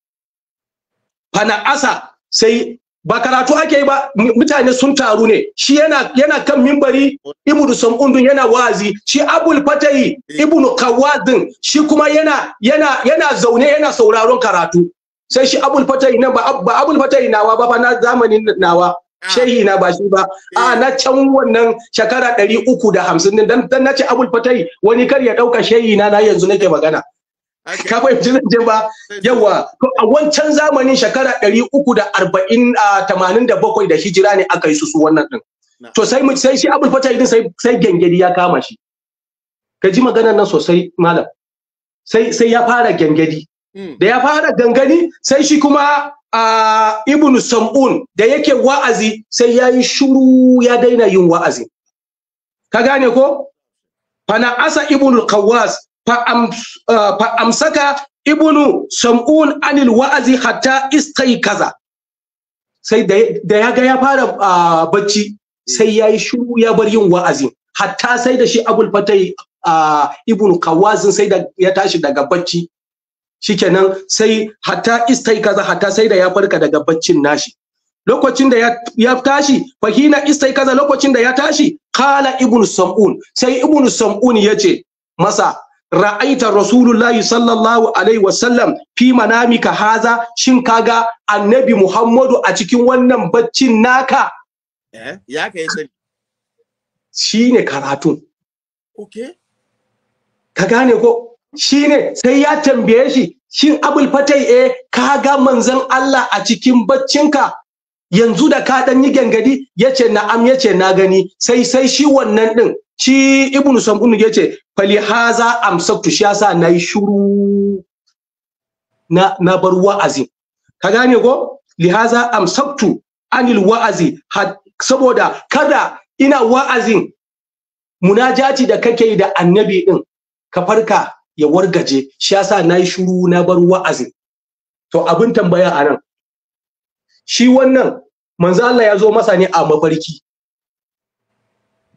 fana asa sai ba karatu ake yi ba mutane sun taru ne shi yana yana kan mimbari ibnu sam'undun yana wazi shi abul fatahi ibnu kawadin shi kuma yana yana yana zaune yana sauraron karatu sai shi abul fatahi nan ba abul fatahi nawa ba na zamanin nawa shehi na ba shi ba ah. a na can wannan shekara 350 din dan nace abul fatahi wani kar ya dauka shehi na na yanzu nake magana ka fahimci zan je ba yawa a wancan zamanin shekara ɗari uku da arba'in tamanin da bakwai da hijira ne aka yi su su wannan ɗin to sai sai shi abul fata idin sai sai gengedi ya kama shi ka ji maganar nan sosai malam sai sai ya fara gengedi hmm. da ya fara gangani sai shi kuma ibnu sam'un da yake wa'azi sai ya yi shuru ya daina yin wa'azi ka gane ko fana asa ibnu qawwas fa uh, amsaka ibnu sam'un anil wa'azi hatta kaza. sai da ya ga ya fara uh, bacci sai ya yi shuru ya bar yin wa'azi, hatta sai da shi abul fatai uh, ibn kawazin sai da ya tashi daga bacci shikenan sai hatta istai kaza hatta sai da ya farka daga baccin nashi lokacin da ya tashi fahina istai kaza lokacin da ya tashi kala Ibnu sam'un sai Ibnu sam'un ya ce masa ra'aita rasulullahi sallallahu alaihi wasallam fi manamika haza shin kaga annabi muhammadu a cikin wannan baccin naka eh, ya ka yi sani shine karatun okay ka gane ko shine sai ya tambaye shi shin abul fatai eh kaga manzon Allah a cikin baccinka yanzu da ka dan yi gangadi yace na'am yace na gani sai sai shi wannan din shi ibnu sam'un ya ce fali haza amsaktu shi yasa na shiru na na bar wa'azi ka gane ko li haza amsaktu anil wa'azi saboda kada ina wa'azin munajati da kake da annabi din ka farka ya wargaje shi yasa nayi shiru na bar wa'azi to abin tambaya anan shi wannan manzo ya zo masa ne a mafarki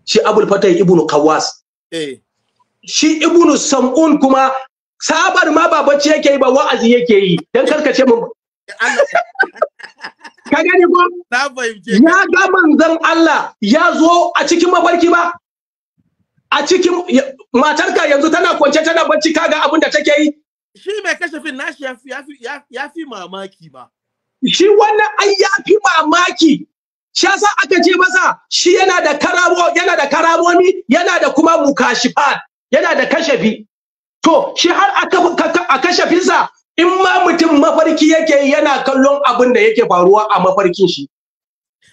shi abul fatai ibnu kawas eh. shi ibnu sam'un kuma sabar ma ba bacci yake yi ba wa'azi yake yi dan karkace mu (laughs) ka gani ko ya ga manzon Allah ya zo a cikin mafarki ba a cikin matarka yanzu tana kwance tana bacci kaga abin da take yi shi mai kashafin nashi ya fi mamaki ba shi wannan ai ya fi mamaki shi yasa aka ce masa shi yana da karamo yana da karamomi yana da kuma mukashifat yana da kashafi to shi har a sa in ma mutum mafarki yake yana kallon abin da yake faruwa a mafarkin shi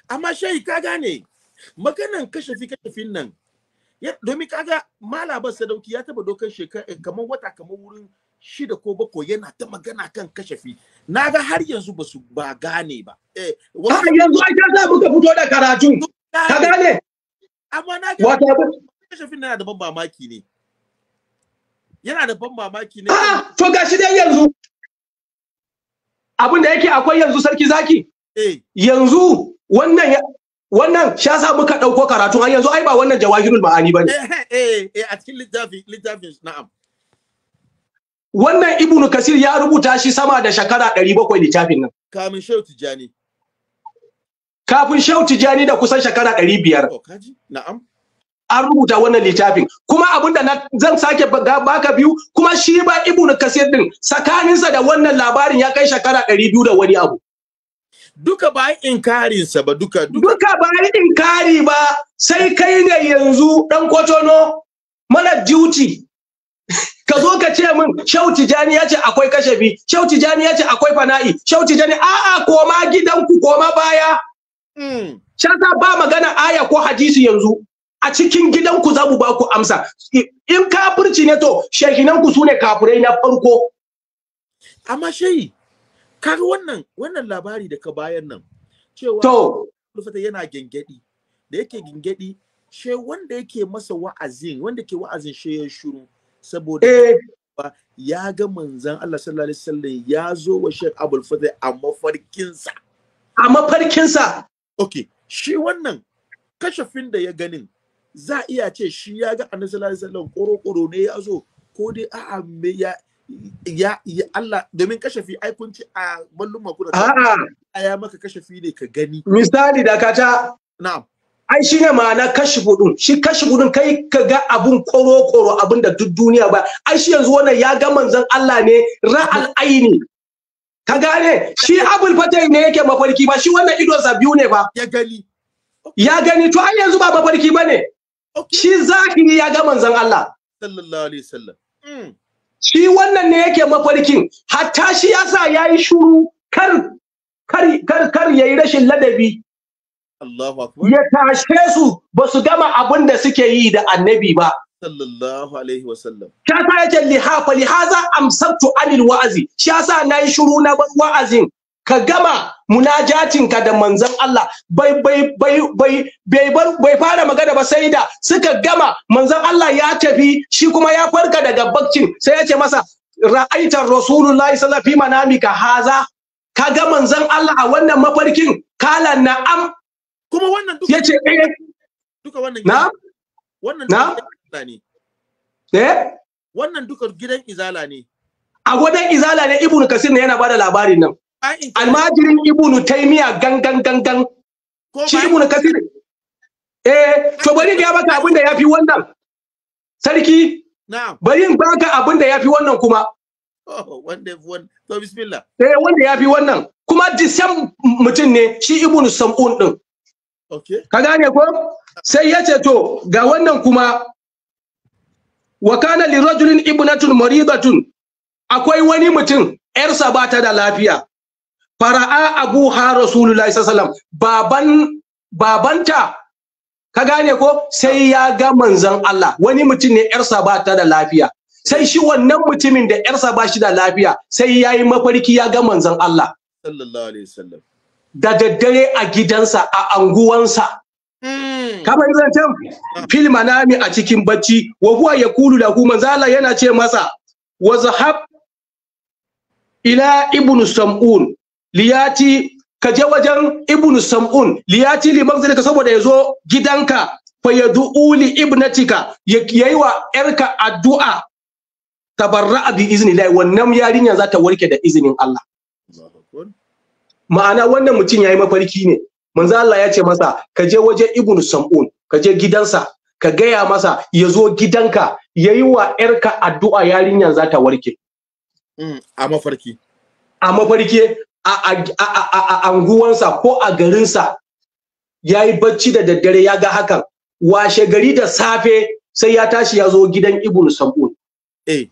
amma shai ka gane maganan kashafi kashafin nan domin kaga malaba sadauki ya taba dokar shekara kamar wata kamar wurin shida ko bako yana ta magana kan kashafi na ga har yanzu ba su ba gane ba eh har yanzu ai ka zai muka fito da karatu ka gane amma na ga kashafin yana da ban mamaki ne yana da ban mamaki ne ah to gashi dai yanzu abin da yake akwai yanzu sarki zaki eh yanzu wannan wannan shi yasa muka dauko karatu har yanzu ai ba wannan jawahirul ma'ani bane eh, eh eh a cikin littafin, littafin na'am wannan ibnu kasir ya rubuta shi sama da shekara 700 littafin nan kamin shehu tijani kafin shehu tijani da kusan shekara 500 na'am an rubuta wannan littafin kuma abinda na zan sake baka biyu kuma shi ba ibnu kasir din tsakaninsa da wannan labarin ya kai shekara 200 da wani abu duka bayan sa ba duka duka bayan inkari ba sai kai ne yanzu dan kwatono mana duty ka zo ka ce min Shauti Jani ya ce akwai kashafi Shauti Jani ya ce akwai fana'i Shauti Jani, a'a koma gidanku koma baya hmm. shata ba magana aya ko hadisi yanzu a cikin gidanku za mu ba ku amsa in kafirci ne to shekinanku su ne kafirai na farko amma shehi kaga wannan wannan labari da ka bayan nan cewa lufata yana gengedi da yake gengedi she wanda yake masa wa'azin wanda ke wa'azin she ya shuru saboda eh. ya ga manzan Allah sallallahu alaihi wasallam ya zo wa Sheikh Abdul a mafarkinsa a mafarkinsa okay shi wannan kashafin da ya ganin za iya ce shi ya ga annabi sallallahu alaihi wasallam koro-koro ne ya zo ko dai a'a me ya ya ya Allah domin kashafi ai kun ci a mallum makuna a ya maka kashafi ne ka gani misali da ka na'am ai shine ma'ana kashi hudun shi kashi hudun kai ka ga abun koro koro abun da duk duniya ba ai shi yanzu wannan ya ga manzon Allah ne ra'al aini ka gane shi abul fatai ne yake mafarki ba shi wannan ido sa biyu ne ba ya gani ya gani to ai yanzu ba mafarki bane shi zahiri ya ga manzon Allah sallallahu alaihi wasallam hmm. shi wannan ne yake mafarkin hatta shi yasa yayi shuru kar kar kar, kar yayi rashin ladabi ya tashe su ba su gama abin da suke yi da annabi ba sallallahu alaihi wasallam ta sa yake lihafa lihaza amsabtu anil wa'azi shi yasa nayi shiru na bar wa'azin ka gama ka da manzon Allah bai bai bai bai bai bai fara magana ba sai da suka gama manzon Allah ya tafi shi kuma ya farka daga bakcin. sai ya ce masa ra'aitar rasulullahi sallallahu alaihi wasallam fi manamika haza ka ga manzon Allah a wannan mafarkin kala na'am kuma wannan duka yace eh duka wannan na wannan na ne eh wannan duka gidan izala ne a gidan izala ne ibnu kasir ne yana bada labarin nan almajirin ibnu taymiya gangan gangan shi ibnu kasir eh to bari ga baka abin da yafi wannan sarki na'am bari in baka abin da yafi wannan kuma Oh, wanda yafi wannan to bismillah eh wanda yafi wannan kuma disam mutum ne shi ibnu sam'un din ka gane ko sai ya ce to ga wannan kuma wa kana li rajulin ibnatun maridatun akwai wani mutum yarsa ba ta da lafiya fara'a abu ha rasulullahi sallallahu baban babanta ka gane ko sai ya ga manzan Allah wani mutum ne yarsa ba ta da lafiya sai shi wannan mutumin da yarsa ba shi da lafiya sai ya yi mafarki ya ga manzan Allah sallallahu alaihi wasallam da daddare a gidansa a anguwansa hmm. kamar zancen hmm. fil manami a cikin bacci wa huwa da kuma zala yana ce masa wa zahab ila ibn sam'un liyati ka je wajen ibn sam'un liyati liman zalika saboda ya zo gidanka fa ya li ibnatika yi wa yarka addu'a tabarra'a bi izini lai wannan yarinyar za ta warke da izinin Allah ma'ana wannan mutum yayi mafarki ne manzo Allah ya ce masa ka je waje ibnu sam'un ka je gidansa ka gaya masa ya zo gidanka ya yi wa ‘yarka addu'a yarinyar za ta warke. Mm, a mafarki. A mafarki a anguwansa ko a garinsa ya yi bacci da daddare ya ga hakan washe gari da safe sai ya tashi ya zo gidan Ibn Sam'un. Eh.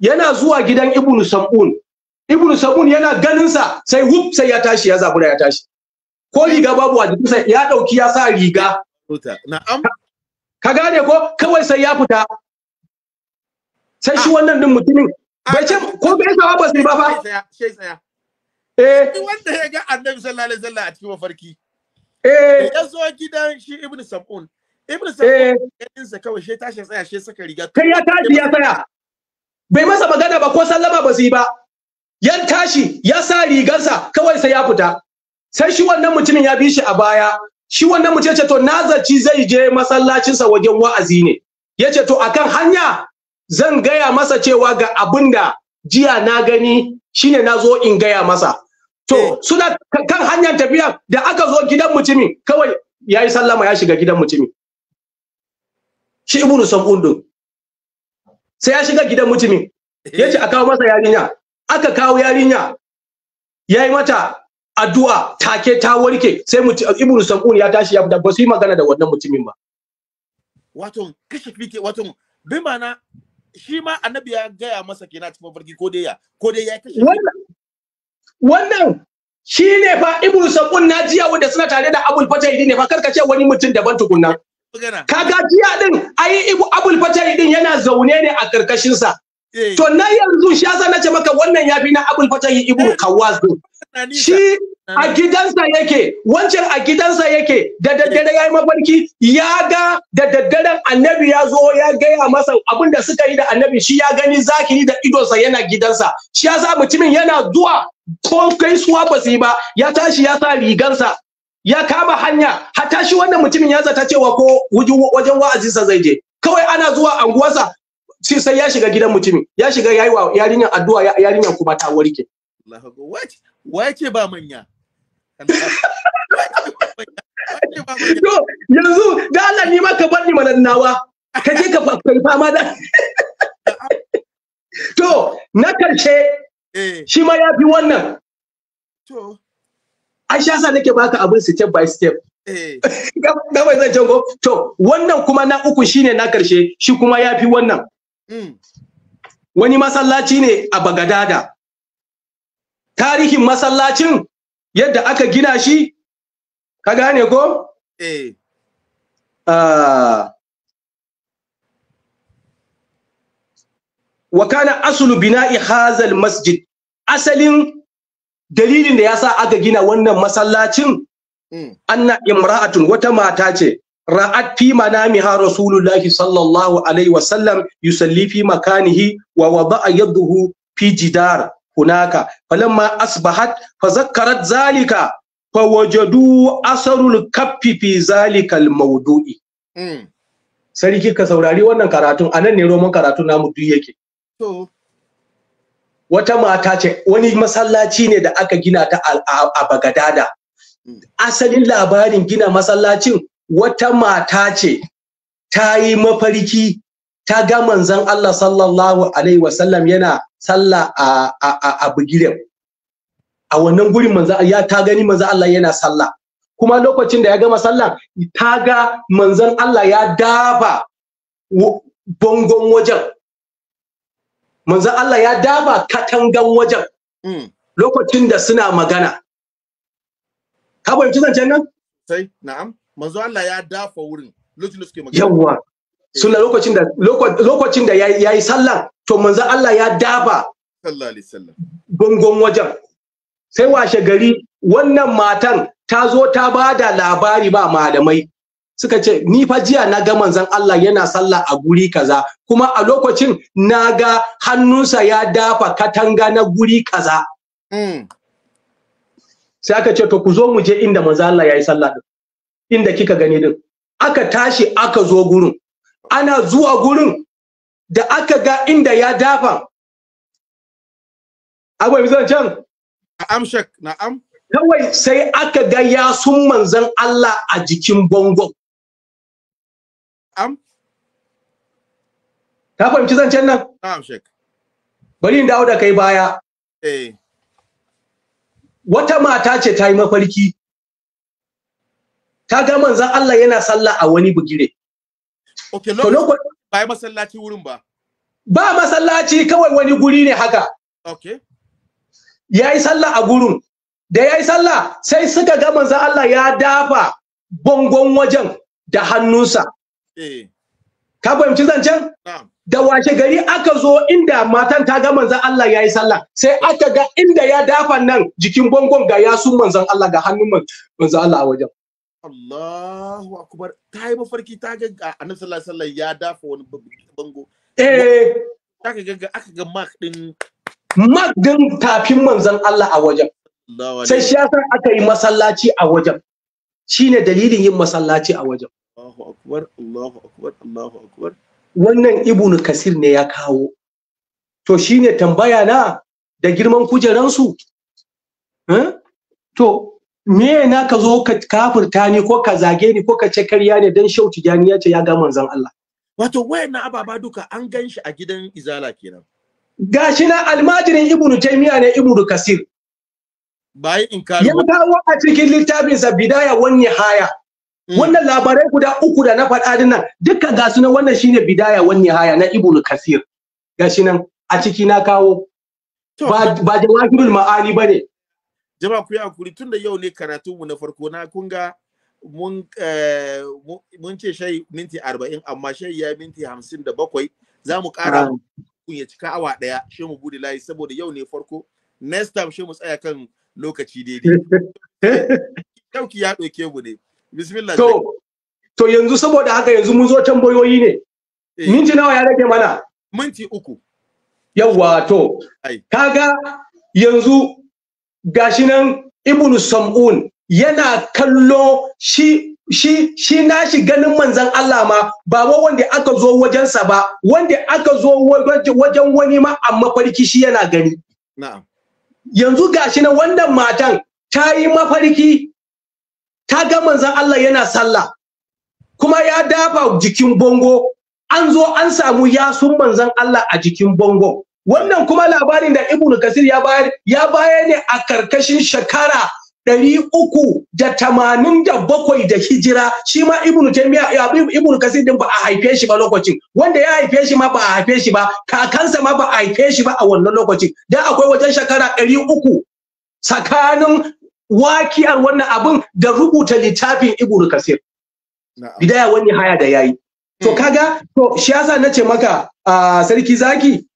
Yana zuwa gidan Ibn Sam'un ibnu sabun yana ganin sa sai hup sai ya tashi ya zabura ya tashi ko riga babu a jikinsa ya dauki ya sa riga na'am ka gane ko kawai sai ya fita sai shi ah. wannan din mutumin ah, bai ce ko bai sa ba sai ba fa eh wanda ya ga annabi sallallahu alaihi wasallam a cikin mafarki eh ya zo gidan shi ibnu sabun ibnu sabun eh. ganin sa kawai shi tashi tsaya shi saka riga kai ya tashi ya tsaya bai masa magana ba ko sallama ba su yi ba yan tashi ya sa rigarsa kawai sai ya fita sai shi wannan mutumin ya bi shi a baya shi wannan mutum ya ce to nazarci zai je masallacinsa wajen wa'azi ne ya ce to akan hanya zan gaya masa cewa ga abin da jiya na gani shine na zo in gaya masa to eh. suna kan hanyar tafiya da aka zo gidan mutumin kawai ya yi sallama ya shiga gidan mutumin shi ibnu sam'un sai ya shiga gidan mutumin ya ce a kawo masa yarinya aka kawo yarinya yayi mata addu'a take ta warke sai mutum ibnu sabun ya tashi ya ba su yi magana da wannan mutumin ba wato kashe fike wato bi mana shi ma annabi ya gaya masa kenan cikin farki ko dai ya ko dai ya kashe wannan wannan shi ne fa ibnu sabun na jiya wanda suna tare da abul fatahidi ne fa karka ce wani mutum daban tukunna kaga jiya din ai ibu abul din yana zaune ne a karkashin sa Eh. To na yanzu shi yasa na ce maka wannan yafi na abul fatahi ibnu eh. Kawwas (laughs) Shi a gidansa yake, wancan a gidansa yake, da daddare ya yi mafarki ya ga da daddaren annabi ya zo ya gaya masa abin da suka yi da annabi shi ya gani zakiri da sa yana gidansa. Shi yasa mutumin yana zuwa ko kai suwa ba su yi ba ya tashi ya sa rigansa ya kama hanya hatta shi wannan mutumin ya zata cewa ko wajen wa'azinsa zai je. kawai ana zuwa anguwarsa sai sai ya shiga gidan mutumin ya shiga yayi wa yarinyar addu'a yarinyar kuma ta warke Allahu akbar wace wace ba manya yanzu da Allah ni ma ka bar ni nawa ka je ka fama da (laughs) to na karshe eh. shi ma ya fi wannan to ai sha sa nake baka abin step by step da eh. (laughs) bai zan jango. to wannan kuma na uku shine na karshe shi kuma ya fi wannan wani masallaci ne a bagadada tarihin masallacin yadda aka gina shi ka gane ko? Eh. Ah. asulu bina'i hazal masjid asalin dalilin da ya sa aka gina wannan masallacin hmm. anna imra'atun wata mata ce ra'at fi manamiha rasulullahi sallallahu alaihi wasallam yusalli fi makanihi wa wada'a yaduhu fi jidar hunaka falamma asbahat fazakkarat zalika fawajadu asarul kaffi fi zalika almawdu'i hmm. sarki ka saurari wannan karatun anan ne roman karatun namu duk yake wata mata ce wani masallaci ne da aka gina ta a bagadada hmm. asalin labarin gina masallacin wata mata ce ta yi mafarki ta ga manzan Allah sallallahu alaihi wasallam yana sallah a a a, a bugirem a wannan gurin manzan ya ta gani manzan Allah yana sallah kuma lokacin da ya gama sallah ta ga manzan Allah ya daba bangon wajen Manzan Allah ya daba katangan wajen hmm. lokacin da suna magana ka fahimci zancen nan sai na'am manzo Allah ya dafa wurin lokacin da suke magana yawa eh. suna lokacin da lokacin da yayi sallah to manzo Allah ya dafa sallallahu alaihi wasallam gongon wajen sai washe gari wannan matan ta zo ta bada labari ba malamai suka ce ni fa jiya na ga manzon Allah yana sallah a guri kaza kuma a lokacin na ga hannunsa ya dafa katanga na guri kaza mm. sai aka ce to ku zo mu je inda manzon Allah yayi sallah din inda kika gani din aka tashi aka zo gurin ana zuwa gurin da aka ga inda ya dafa akwai zan can na'am shek na'am kawai sai aka ga yasun manzan Allah a jikin bangon am ka fahimci zancen nan na'am shek bari in dawo da kai baya eh wata mata ce ta yi mafarki kaga manzon Allah yana sallah a wani bugire okay lokacin ba masallaci wurin ba ba masallaci kawai wani guri ne haka okay yayi sallah a gurin da yayi sallah sai suka ga manzon Allah ya dafa bangon wajen da hannunsa eh ka fahimci zancen na'am da washe gari aka zo inda matan ta ga manzan Allah ya yi sallah sai aka ga inda ya dafa nan jikin bangon ga yasun manzan Allah ga hannun manzan Allah a wajen Allahu akbar ta yi mafarki ta ga annabi sallallahu alaihi wasallam ya dafa wani bango eh ta ga ga aka ga mark din mark din tafin manzon Allah a wajen sai shi yasa aka yi masallaci a wajen shine dalilin yin masallaci a wajen Allahu akbar Allahu akbar Allahu akbar wannan ibnu kasir ne ya kawo to shine tambaya na da girman kujeransu eh? to me na ka zo ka kafirta ni ko ka zage ni ko ka ce karya ne dan shautu jani ya ce ya ga manzon Allah wato na ababa duka an gan shi a gidan izala kenan gashi na almajirin ibnu taymiya ne ibnu kasir bai in ka ya kawo a cikin littafin sa bidaya wan nihaya hmm. wannan labarai guda uku da na faɗa nan, duka ga su na wannan shine bidaya Wani nihaya na ibnu kasir gashi nan a ciki na kawo ba ba jawahirul ma'ani bane jama'a ku yi hakuri tunda yau ne karatunmu mu na farko na kun ga mun eh, ce shai minti arba'in amma shai ya minti hamsin da bakwai za mu kara kun ya cika awa daya shi mu bude layi saboda yau ne farko next time shi mu tsaya kan lokaci daidai (laughs) dauki ya doke mu ne bismillah to to yanzu saboda haka yanzu mun zo tambayoyi ne eh. minti nawa ya rage mana minti uku yawwa to kaga yanzu gashi nan ibnu sam'un yana kallo shi shi shi nashi ganin manzon Allah ma ba wanda aka zo wajensa ba wanda aka zo wajen wani ma amma mafarki shi yana gani yanzu gashi nan wannan matan ta yi mafarki ta ga manzon Allah yana sallah kuma ya dafa jikin bongo an zo an samu yasun manzon Allah a jikin bongo wannan kuma labarin da ibnu kasir ya bayar ya bayar ne a karkashin shekara ɗari uku da tamanin da bakwai da hijira shi ma ibnu taymiya ibnu kasir din ba a haife shi ba lokacin wanda ya haife shi ma ba a haife shi ba kakansa ma ba a haife shi ba a wannan lokacin dan akwai wajen shekara ɗari uku tsakanin wakiyar wannan abin da rubuta littafin ibnu kasir bidaya wani haya da yayi to hmm. kaga to shi yasa nace maka ah, sarki zaki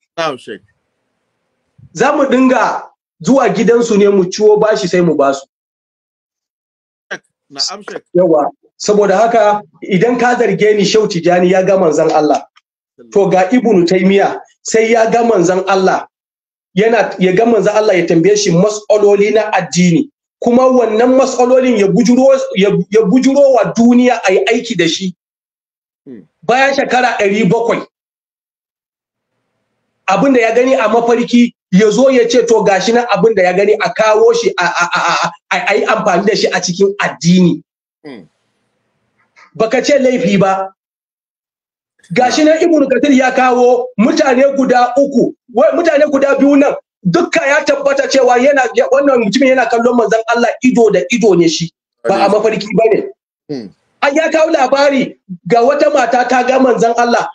Za mu dinga zuwa gidansu ne mu ciwo bashi sai mu basu. Yawa, saboda haka idan ka zarge ni Shehu Tijani ya ga manzon Allah. To ga Ibn miya, sai ya ga manzon Allah. Yana ya ga manzon Allah ya tambaye shi mas'aloli na addini. Kuma wannan mas'alolin ya bujuro ya bujuro wa duniya a yi aiki da shi. Hmm. Bayan shekara ɗari bakwai. abin da ya gani a mafarki ya zo ya ce to gashi na abin da ya gani a kawo shi a yi amfani da shi a cikin addini hmm. baka ce laifi ba gashi na ibn katir ya kawo mutane guda uku mutane guda biyu nan dukka ya tabbata cewa yana wannan mutumin yana kallon manzon Allah ido da ido ne shi ba a mafarki ba ne. Hmm. ya kawo labari ga wata mata ta ga manzon Allah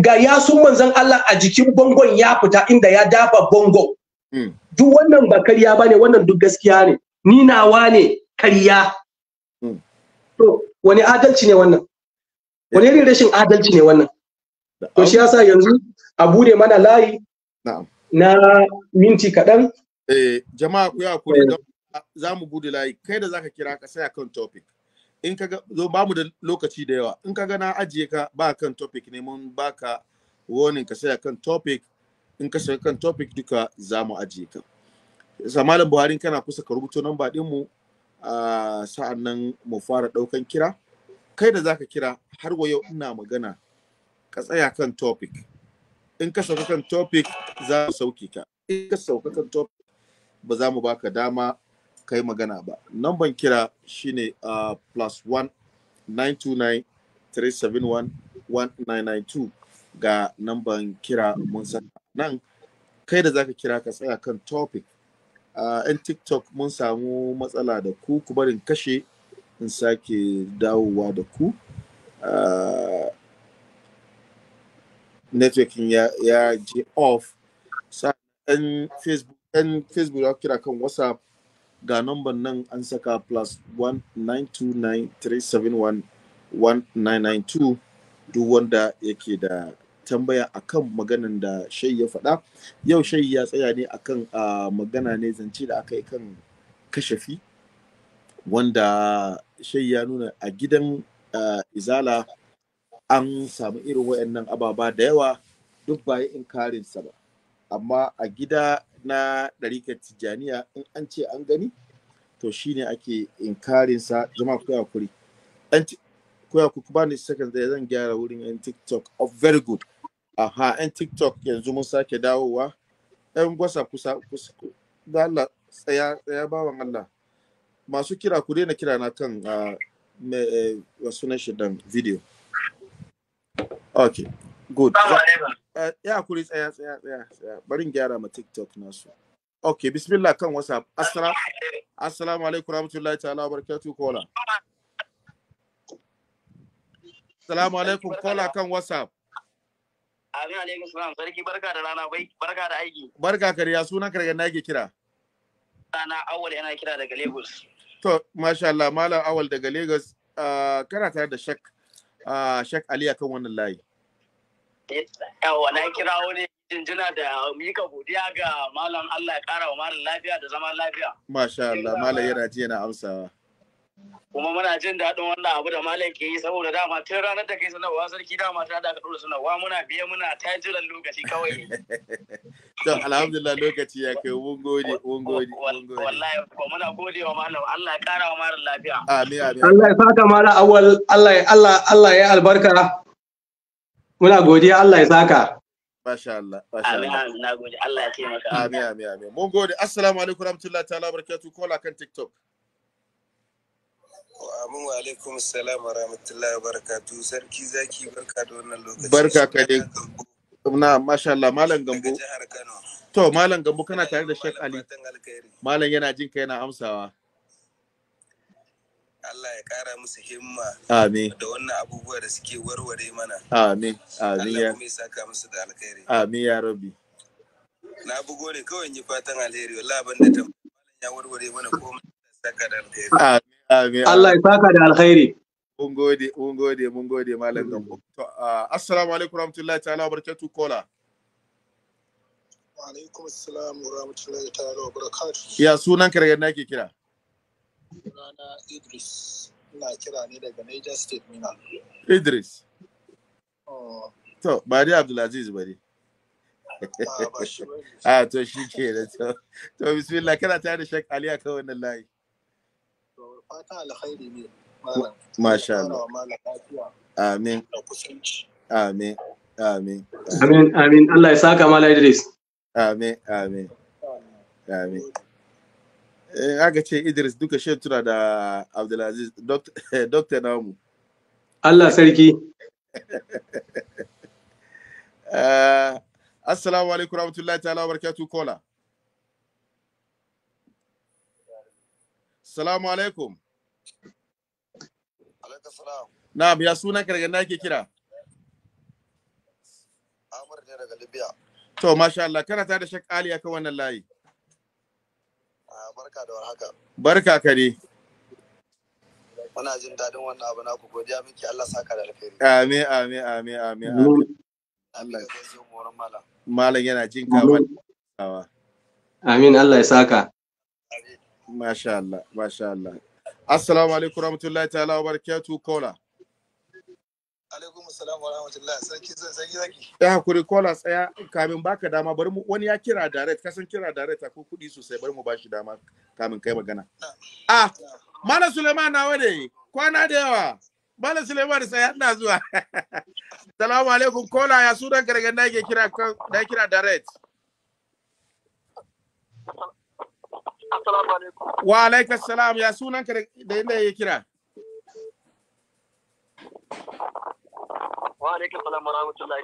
ga yasun manzan Allah a jikin bangon ya fita inda ya dafa bangon hmm. duk wannan ba karya bane wannan duk gaskiya ne ni nawa ne karya hmm. to wani adalci ne wannan wani irin rashin adalci ne wannan to shi yasa yanzu a bude mana layi na minti kaɗan. Eh, jama'a ku yi hakuri eh. za mu bude layi kai da zaka kira ka sai akan topic in ka ga ba mu da lokaci da yawa in ka ga na ajiye ka ba kan topic ne mun ba ka warning ka sai kan topic in ka sai kan topic duka za mu ajiye ka sa malam buhari kana kusa ka rubuto namba din mu sa'an nan mu fara daukan kira kai da zaka kira har wa yau ina magana ka tsaya kan topic in ka sauka kan topic za mu sauke ka in ka sauka kan topic ba za mu baka dama ka yi magana ba namban kira ne a uh, plus 1 929 371 1992 ga namban kira mun san nan kai da zaka kira ka tsaya kan topic yan uh, tiktok mun samu matsala da ku ku barin kashe in sake dawowa da ku uh, networking ya, ya je off sa'an facebook facebook ya kira kan whatsapp ga number nan an saka plus 1929371992 duk wanda yake da tambaya akan maganan da shai ya faɗa yau shai ya tsaya ne akan uh, magana ne zance da aka yi kan kashafi wanda shai ya nuna a gidan uh, izala an samu irin wayannan ababa da yawa duk ba in karinsa ba amma a gida na ɗarikar tijjaniya in an ce an gani to shine ake inkarin sa zama koya kuri an koya ku ba ni second da zan gyara wurin yan tiktok of oh, very good aha yan tiktok yanzu mun sake dawowa yan gwasa kusa kusa da Allah tsaya tsaya bawan Allah masu kira ku daina kira na kan ah, eh, wasu na shidan video okay good Eh, ya kuri tsaya tsaya tsaya tsaya barin gyara ma tiktok nasu ok bismillah kan whatsapp assalamu assalamu alaikum rahmatullahi ta'ala wa barakatuh kola assalamu alaikum kola kan whatsapp Amin alaikum salam sarki barka da rana bai barka da aiki barka kariya sunan ka daga yake kira sana awal yana kira daga lagos to masha Allah malam awal daga lagos ah, kana tare da shak ah, shak ali akan wannan layi yawa na kirawo ne jinjina da mika godiya ga malam Allah ya kara wa malam lafiya da zaman lafiya masha Allah malam yana ji yana amsawa kuma muna jin daɗin wannan abu da malam ke yi saboda dama tun ranar da kai sanarwa sarki dama ta da ɗora sanarwa muna biye muna ta jiran lokaci kawai (laughs) to alhamdulillah lokaci ya kai mun gode mun gode wallahi ko muna gode wa malam Allah ya ƙara wa malam lafiya amin amin Allah ya saka malam awal Allah ya Allah Allah ya albarka muna godiya Allah ya saka Masha Allah. Amin, amin, na gode. Allah ya taimaka. Amin, amin, amin. Mun gode. Assalamu alaikum rahmatullahi ta'ala barakatuh. Kola kan TikTok. Amin wa alaikum assalam wa rahmatullahi wa barakatuh. Sarki zaki barka da wannan lokaci. Barka ka dai. Na masha Allah malam Gambo. To malam Gambo kana tare da Sheikh Ali. Malam yana jin ka yana amsawa. Allah ya kara musu himma amin da wannan abubuwa da suke warware mana amin amin ya kuma saka musu da alkhairi amin ya rabbi na bugo ne kawai yi fatan alheri wallahi banda ta ya warware mana komai saka da alkhairi amin amin Allah ya saka da alkhairi mun gode mun gode mun gode malam gambo to ah, assalamu alaikum warahmatullahi ta'ala wabarakatuh kola wa alaikum assalam wa rahmatullahi ta'ala wa barakatuh ya sunan ka daga nake kira Sunana Idris. Ina kira ne daga Niger State Mina. Idris. Oh. To, ba dai Abdulaziz ba ah, ne. A (laughs) ah, to shi ke da to. To, bismillah kana tare da Shek Ali a wannan layi. To, fata alkhairi ne. Masha Allah. Amin. Amin. Amin. Amin. Amin. Allah ya saka Mala Idris. Amin. Amin. Amin. Eh, aga ce Idris duka shetura da Abdulaziz Dr. Eh, namu. Allah sarki. (laughs) Eh, assalamu alaikum rahmatullahi ta'ala wa barakatuh kola. Assalamu alaikum. Alaikum salam. Na biya sunan kargan da ke kira. Amur ne daga Libya. To masha Allah kana ta da Shek Ali akan wannan layi. barka da warhaka. Barka ka dai. Muna jin daɗin wannan abu na ku godiya miki Allah saka da alheri. Amin amin amin amin Allah ya zo moran malam. Malam yana jin ka Amin Allah ya saka. Masha Allah, masha Allah. Assalamu alaikum warahmatullahi ta'ala wa barakatuh kola. alaikum assalam wa rahmatullah sarki sarki zaki ya hakuri kola tsaya kamin baka dama bari mu wani ya kira direct kasan kira direct ko kudi sosai bari mu bashi dama kamin kai magana ah suleiman kwana da yawa suleiman ina zuwa (laughs) salamu alaikum kola ya sunan gargan da yake kira da kira direct Wa alaikas salam ya sunan ka da inda kira. Wa alaikum salam wa rahmatullahi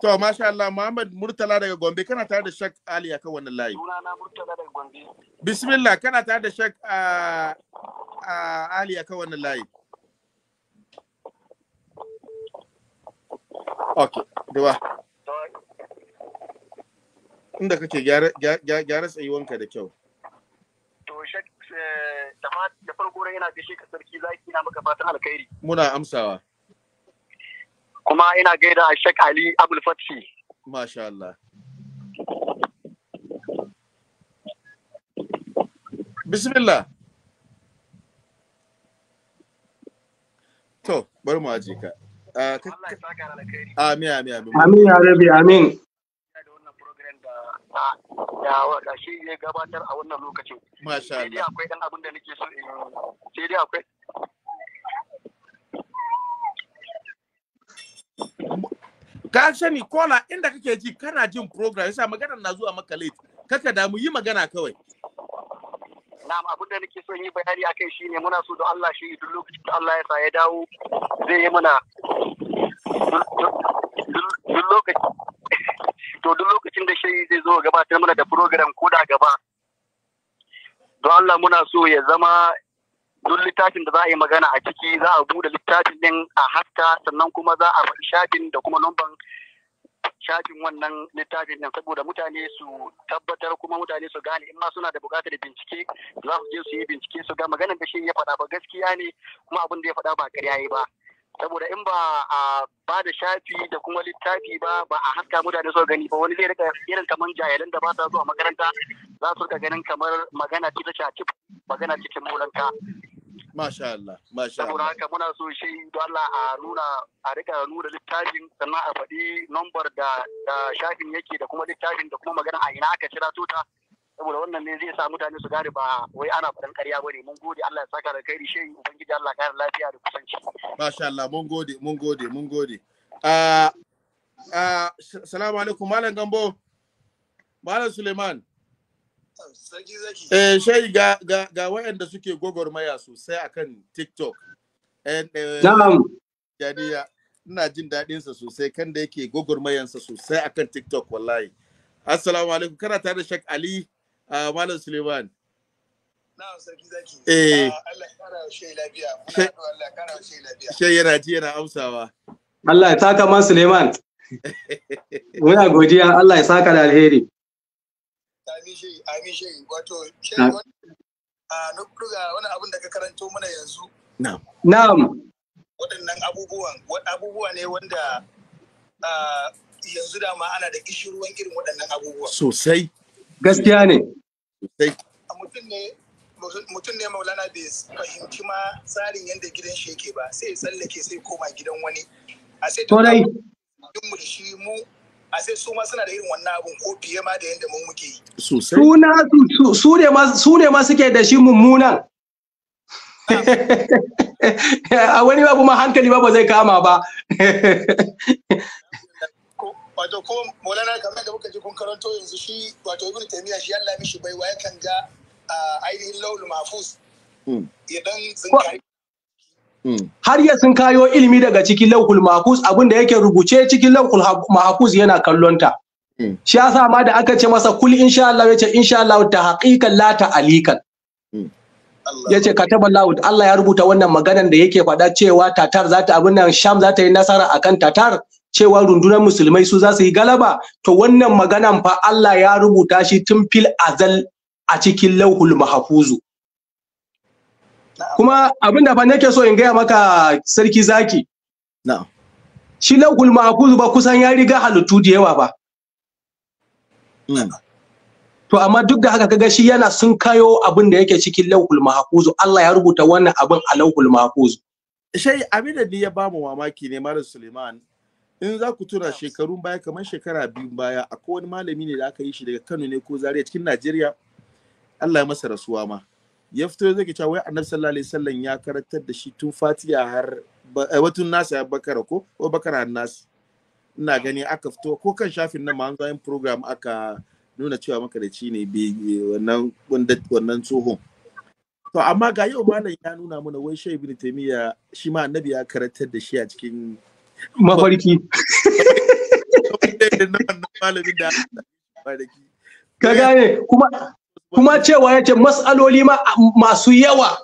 To masha Allah Muhammad Murtala daga Gombe kana tare da Shak Ali akan wannan layi. Sunana Murtala daga Gombe. Bismillah kana tare da Shak ah, ah, Ali akan wannan layi. Inda kake gyara tsayuwanka da kyau. Eh, da farko rai yana gaishe ka sarki zaki na maka fatan alkhairi muna amsawa kuma ina gaida Sheikh Ali Abdul Fathi masha Allah bismillah to bari mu aje ka ah, Amin, amin, amin. Amin, ya rabi, amin. da shi ya gabatar a wannan lokacin. Masha Allah. Sai dai akwai ɗan abin da nake so in sai dai akwai ka sani kola inda kake ji kana jin program yasa magana na zuwa maka late kaka mu yi magana kawai na'am abin da nake in yi bayani akan shi ne muna so da Allah shi duk lokacin da Allah ya sa ya dawo zai yi muna duk lokacin to duk lokacin da shayi zai zo gabatar mana da program ko da gaba don Allah muna so ya zama duk littafin da za a yi magana a ciki za a bude littafin din a haska sannan kuma za a faɗi shafin da kuma lamban shafin wannan littafin din saboda mutane su tabbatar kuma mutane su gane in ma suna da buƙatar bincike za su je su yi bincike su ga maganar da shi ya faɗa ba gaskiya ne kuma abin da ya faɗa ba ƙarya ba saboda in ba a ba da shafi da kuma littafi ba ba a haska mutane su gani ba wani zai rika irin kamar jahilan da ba sa zuwa makaranta za su rika ganin kamar magana ce ta shafi magana cikin mulanka Masha Allah, masha Allah. Saboda haka muna so shi don Allah a nuna a rika nuna littafin sannan a faɗi nombar da shafin yake da kuma littafin da kuma magana a ina aka cira tuta saboda wannan ne zai sa mutane su gane ba wai ana faɗin ƙarya ne. mun gode Allah ya saka da kai shehi ubangiji Allah ya kare lafiya da kusanci masha Allah mun gode mun gode mun gode ah ah assalamu alaikum malam gambo malam Suleiman eh shehi ga ga ga waɗanda suke gwagwarmaya sosai akan TikTok eh na'am jadiya ina jin daɗinsa sosai kan da yake gwagwarmayansa sosai akan TikTok wallahi Assalamu alaikum kana tare da Sheikh Ali a ah, malam suleiman eh ah, shai yana ji yana amsawa Allah ya saka man suleiman (laughs) muna godiya Allah ya saka da alheri amin shi, wato wani ah, abin da ka karanto mana yanzu na'am waɗannan abubuwan abubuwa ne wanda yanzu dama ana da kishirwan irin waɗannan abubuwa sosai gaskiya ne sosai mutum ne mutum ne maulana bai fahimci ma tsarin yadda gidan shi yake ba sai ya tsallake sai koma gidan wani a sai to dai mu shi mu a sai su ma suna da irin wannan abun ko fiye ma da yadda mu muke yi sosai su ne ma su ne ma suke da shi mummunan ah. (laughs) a wani babu ma hankali ba ba zai kama ba (laughs) karanto yanzu shi wato ibn taymiya shi Allah mishi wa yakan ga ainihin laul mafus hmm. ya dan hmm. har ya sun kayo ilimi daga cikin laukul mahfuz abin da yake rubuce cikin laukul mahfuz yana kallonta hmm. shi yasa ma da aka ce masa kul insha Allah yace insha Allah ta haqiqan la ta alikan yace kataba Allah Allah ya rubuta wannan maganan da yake faɗa cewa tatar za ta abin nan sham za ta yi nasara akan tatar cewa rundunar musulmai su za su yi galaba to wannan maganan fa Allah ya rubuta shi tun fil azal a cikin lauhul mahfuzu kuma abinda fa nake so in gaya maka sarki zaki shi lauhul mahfuzu ba kusan ya riga halittu da yawa ba to amma duk da haka kaga shi yana sun kayo abin da yake cikin lauhul mahfuzu Allah ya rubuta wannan abin a lauhul mahfuzu shai abin da ya ba mu mamaki ne Malam Suleiman in za ku tura shekarun baya kamar shekara biyu baya akwai wani malami ne da aka yi shi daga Kano ne ko Zaria cikin Najeriya Allah ya masa rasuwa ma ya fito zai cewa wai Annabi sallallahu alaihi wasallam ya karantar da shi tun Fatiha har eh, watan nasa ya bakara ko ko bakara nasu ina gani aka fito ko kan shafin nan ma an zo program aka nuna cewa maka makarici ne wannan wannan tsohon to amma ga yau malam ya nuna mana wai Shehu Ibn shi ma Annabi ya karatar da shi a cikin (laughs) mafarki ka eh. gane kuma kuma cewa ya ce matsaloli ma masu yawa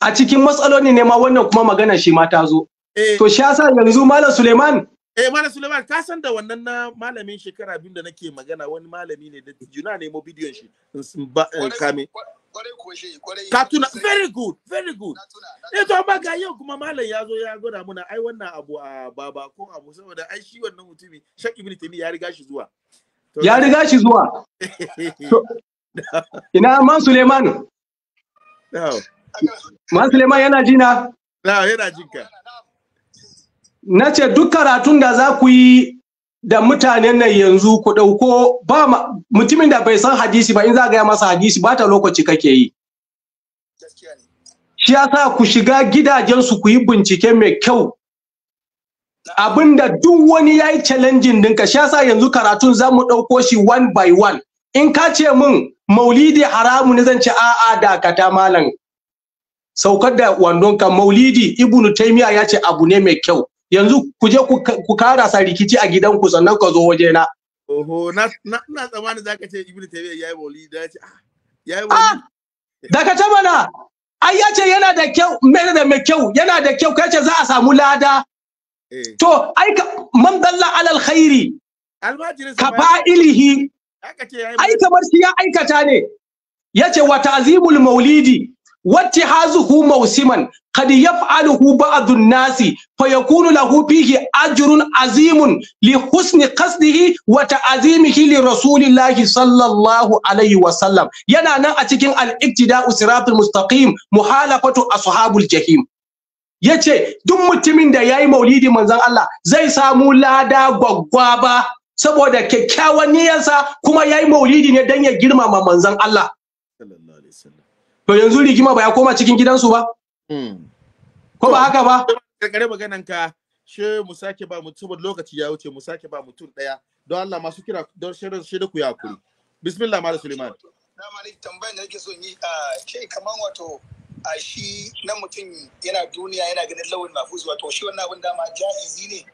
a cikin matsaloli ne ma wannan kuma magana shi ma ta zo eh. to shi sa yanzu malam suleiman Eh Malam Suleiman ka san da wannan na malamin shekara biyu da nake magana wani malami ne da juna nemo bidiyon shi in eh, kame Katuna, very good very good eto eh, ba ga yau kuma malam ya zo ya gwada muna ai wannan abu a baba ko abu saboda ai shi wannan mutumi shak ibn taymi ya riga shi zuwa ya riga shi zuwa (laughs) ina man suleiman man suleiman yana jina na yana jinka na ce duk karatun da za ku yi da mutanen nan yanzu ku ɗauko ba mutumin da bai san hadisi ba in za gaya masa hadisi ba ta lokaci kake yi shi sa ku shiga gidajen su ku yi bincike mai kyau abinda duk wani ya yi challenging dinka shi ya sa yanzu karatun za mu ɗauko shi one by one in ka ce min maulidi haramu ne zan ce a'a dakata malam saukar da wandon ka maulidi ibnu taimiya ya ce abu ne mai kyau yanzu ku je ku kara sa rikici a gidanku sannan ka zo waje na oho na na tsammani zaka ce ibnu ya yi boli da ce ah, yayi ah, maulidi daga ce mana ai ya ce yana da kyau mai da mai kyau yana da kyau kai ce za a samu lada eh. to ai man dalla alal khairi ilihi. ai kamar shi ya aikata ne Ya ce wa ta'zimul maulidi wati hazuhu mausiman kad yaf'aluhu ba'dhu an-nasi fayakunu lahu fihi ajrun azimun li husni qasdihi wa ta'zimihi li rasulillahi sallallahu alaihi wa sallam yana nan a cikin al-iktida'u siratul mustaqim muhalafatu ashabul jahim yace duk mutumin da yayi maulidi manzon Allah zai samu lada ba saboda kyakkyawan niyyarsa kuma yayi maulidi ne dan ya girmama manzon Allah to yanzu rigima ba ya koma cikin gidansu ba hmm. ko ba haka ba karkare maganan ka she mu sake ba mutum lokaci ya wuce mu sake ba mutum daya don Allah masu kira don shirin shi da ku ya kuri. bismillah malam suleiman dama ne tambayar da nake so yi a ce kaman wato a shi na mutum yana duniya yana ganin lawan mafuz wato shi wannan abin dama jaizi ne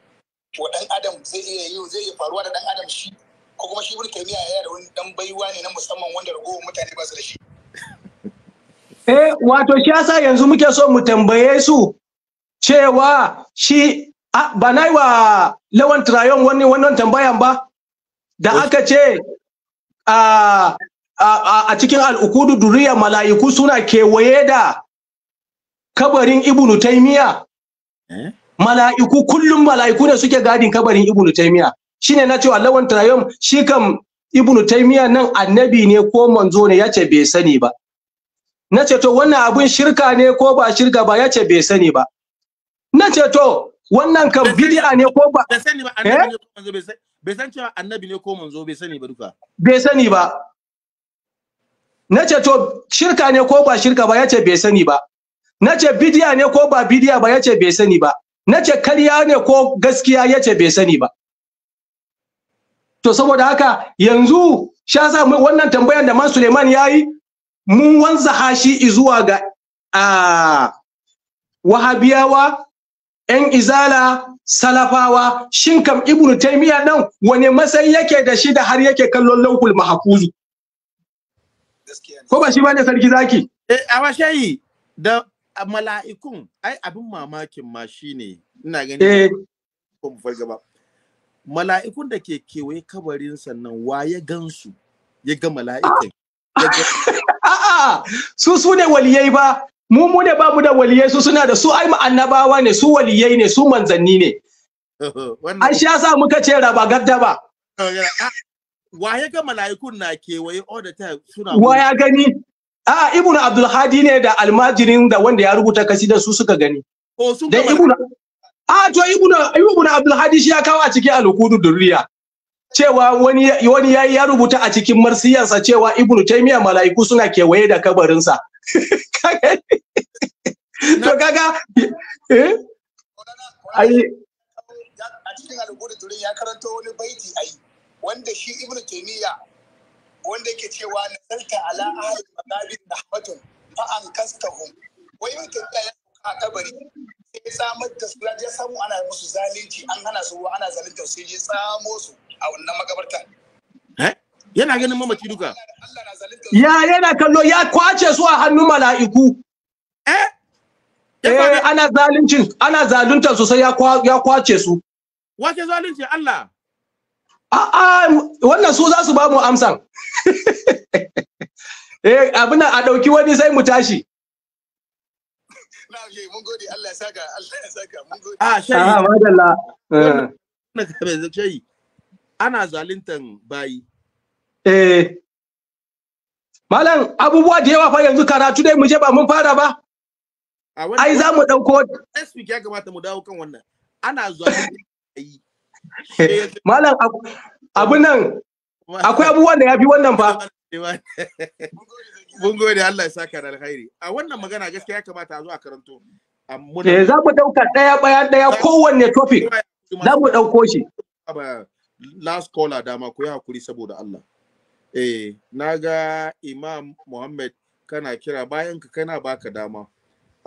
wa dan adam zai iya yi zai iya faruwa da dan adam shi ko kuma shi burkaniya yana da wani dan baiwa ne na musamman wanda ragowar mutane ba su da shi Eh, wato shi yasa yanzu muke so mu tambaye su cewa shi ba na yi wa lawan trayon wani wannan tambayan ba da aka ce a cikin al'ukudu duriya mala'iku suna kewaye da kabarin ibnu taimiya eh? mala'iku kullum mala'iku ne suke gadin kabarin ibnu taimiya shine na cewa lawan trayon shi kam ibnu taimiya nan annabi ne ko manzo ne ya ce bai sani ba na ce to wannan abun shirka ne ko ba shirka ba ya ce bai sani ba na ce to wannan kan bid'a ne ko ba bai sani ba eh? bai san cewa annabi ne ko manzo bai sani ba duka bai sani ba na ce to shirka ne ko ba shirka ba ya ce bai sani ba na ce bid'a ne ko ba bidiya ba ya ce bai sani ba na ce karya ne ko gaskiya ya ce bai sani ba to saboda haka yanzu sha sa wannan tambayar da man Suleiman ya yi mun wanza hashi zuwa ga wahabiyawa ‘yan izala salafawa shin kam ibnu taimiya nan wani matsayi yake da shi da har yake kallon laukul mahakuzu ko ba shi ba ne sarki zaki eh, a shayi da mala'ikun ai abin mamakin ma shine ina gani eh. ko mu farga ba mala'ikun da ke kewaye kabarin sannan wa ya gansu ya ga mala'ikun? a'a su su ne waliyai ba mu mu ne babu da waliyai su suna da su ai annabawa ne su waliyai ne su manzanni ne (laughs) an sha sa muka ce raba gadda ba waye ga mala'ikun na kewaye all the time suna waya gani a ibnu abdul hadi ne da almajirin da wanda ya rubuta kasidar su suka gani ko oh, sun ga a to ibnu ibnu abdul hadi shi ya kawo a cikin alqudu durriya cewa wani wani yayi ya rubuta a cikin marsiyarsa cewa ibnu taymiya mala'iku suna kewaye da kabarinsa (laughs) to kaga eh ai a cikin alƙur'ani turin ya karanto wani baiti ai wanda shi Ibn taymiya wanda yake cewa na nazarta ala ahli magabin rahmatun fa an kastahum wai ibnu taymiya ya a kabari ya samar da su ya samu ana musu zalunci an hana su ana zalunta sai samo su a wannan eh? yana ganin mamaci duka ya yana kallo ya kwace su a hannun mala'iku eh, eh ana zaluncin ana zalunta sosai ya ya kwace su wace zalunci Allah a'a wannan su za su ba mu amsan (laughs) eh abuna a dauki wani sai mu tashi na a shayi madalla na da shayi ana eh. malam abubuwa da yawa fa yanzu karatu dai mu je ba mun fara ba ai za mu dauko next ya kamata mu dawo kan wannan ana bayi eh. malam abu nan akwai abubuwan da ya fi wannan fa mun gode Allah ya saka da alkhairi a wannan magana gaskiya ya kamata a zo a karanto Eh za mu dauka daya baya daya kowanne topic za mu dauko shi last caller dama ku yi hakuri saboda Allah eh naga Imam Muhammad kana kira bayan ka kana baka dama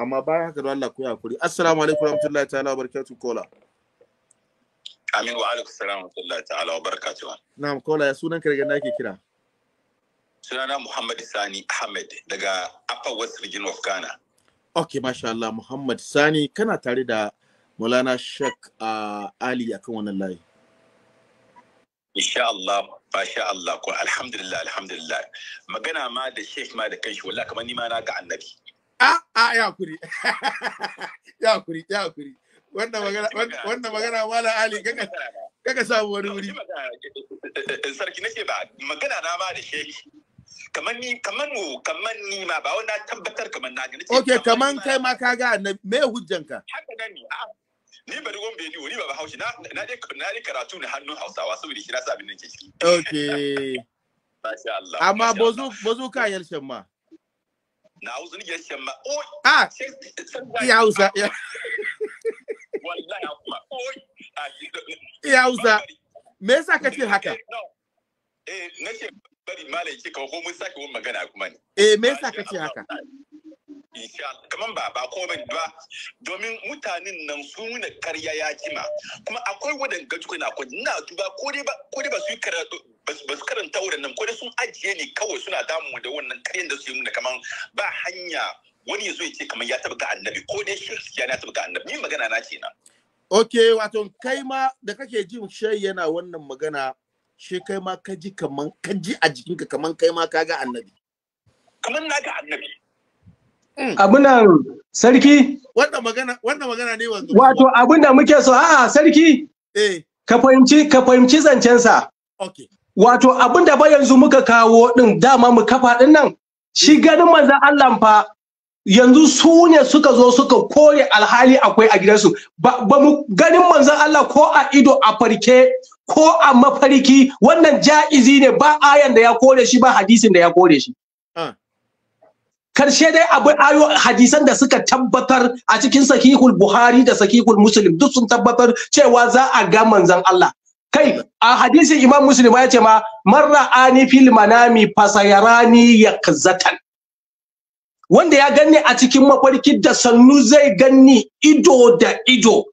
amma bayan haka Allah ku yi hakuri assalamu alaikum warahmatullahi ta'ala barakatuh kola amin wa alaikum salam wa ta'ala wa barakatuh na'am kola ya sunan ka daga nake kira sunana Muhammad Sani Ahmed daga Upper West Region of Ghana. Ok, masha Allah Muhammad Sani kana tare da Maulana shek uh, ah, Ali akan wannan layi. Insha Allah, masha Allah, ko alhamdulillah, alhamdulillah. Magana ma da Sheikh ma da kanshi wala kamar nima na ga annabi. Ah, ah, ya kuri. (laughs) ya kuri, ya kuri. Wannan magana, wannan magana Ali gaga kaga samu wani wuri. Eh, sarki nake ba, magana na ma da Sheikh kamar ni kamar mu kamar ni ma ba wani tabbatar kamar na gani okay kamar kai ma ka ga annabi me hujjanka haka nan ni ni bari gon bai ni ba na na karatu na hannun Hausawa saboda shi na sa abin nan ke (laughs) amma bozu bozu yarshen ma na hausa ah! hausa ah, me yasa haka eh, eh, bari malai ki kawo mun sake wani magana kuma ne eh me yasa kace haka insha Allah kaman ba ba ko ba domin mutanen nan su ne karya ya kima kuma akwai wadan gaji na akwai ina duba ko dai ba ko dai ba su karatu ba su karanta wurin nan ko dai sun ajiye ne kawai suna damu da wannan karyan da su yi mun kaman ba hanya wani yazo ya ce kaman ya tabbata annabi ko dai shi ya na tabbata annabi ni magana na kenan Ok, wato kai ma da kake jin shai yana wannan magana she kai ma ka ji kaman ka ji a jikinka kaman kai ma ka ga annabi kaman na ga annabi hmm. abunan sarki wanda magana wanda magana ne wanzu wato abun da muke so a'a sarki eh ka fahimci ka fahimci zancen sa okay wato abun da ba yanzu muka kawo din dama mu kafa din nan shi hmm. ganin manzon Allah fa yanzu su ne suka zo suka kore alhali akwai a gidansu ba mu ganin manzon Allah ko a ido a farke ko a mafariki, wannan ja'izi ne ba ayan da ya kore shi ba hadisin da ya kore shi ah. karshe dai abu ayo hadisan da suka tabbatar a cikin sahihul buhari da sahihul muslim duk sun tabbatar cewa za a ga manzon Allah kai a hadisin imam muslim ya ce ma marra ani fil manami fasayarani yakzatan wanda ya ganni a cikin mafarki da sannu zai ganni ido da ido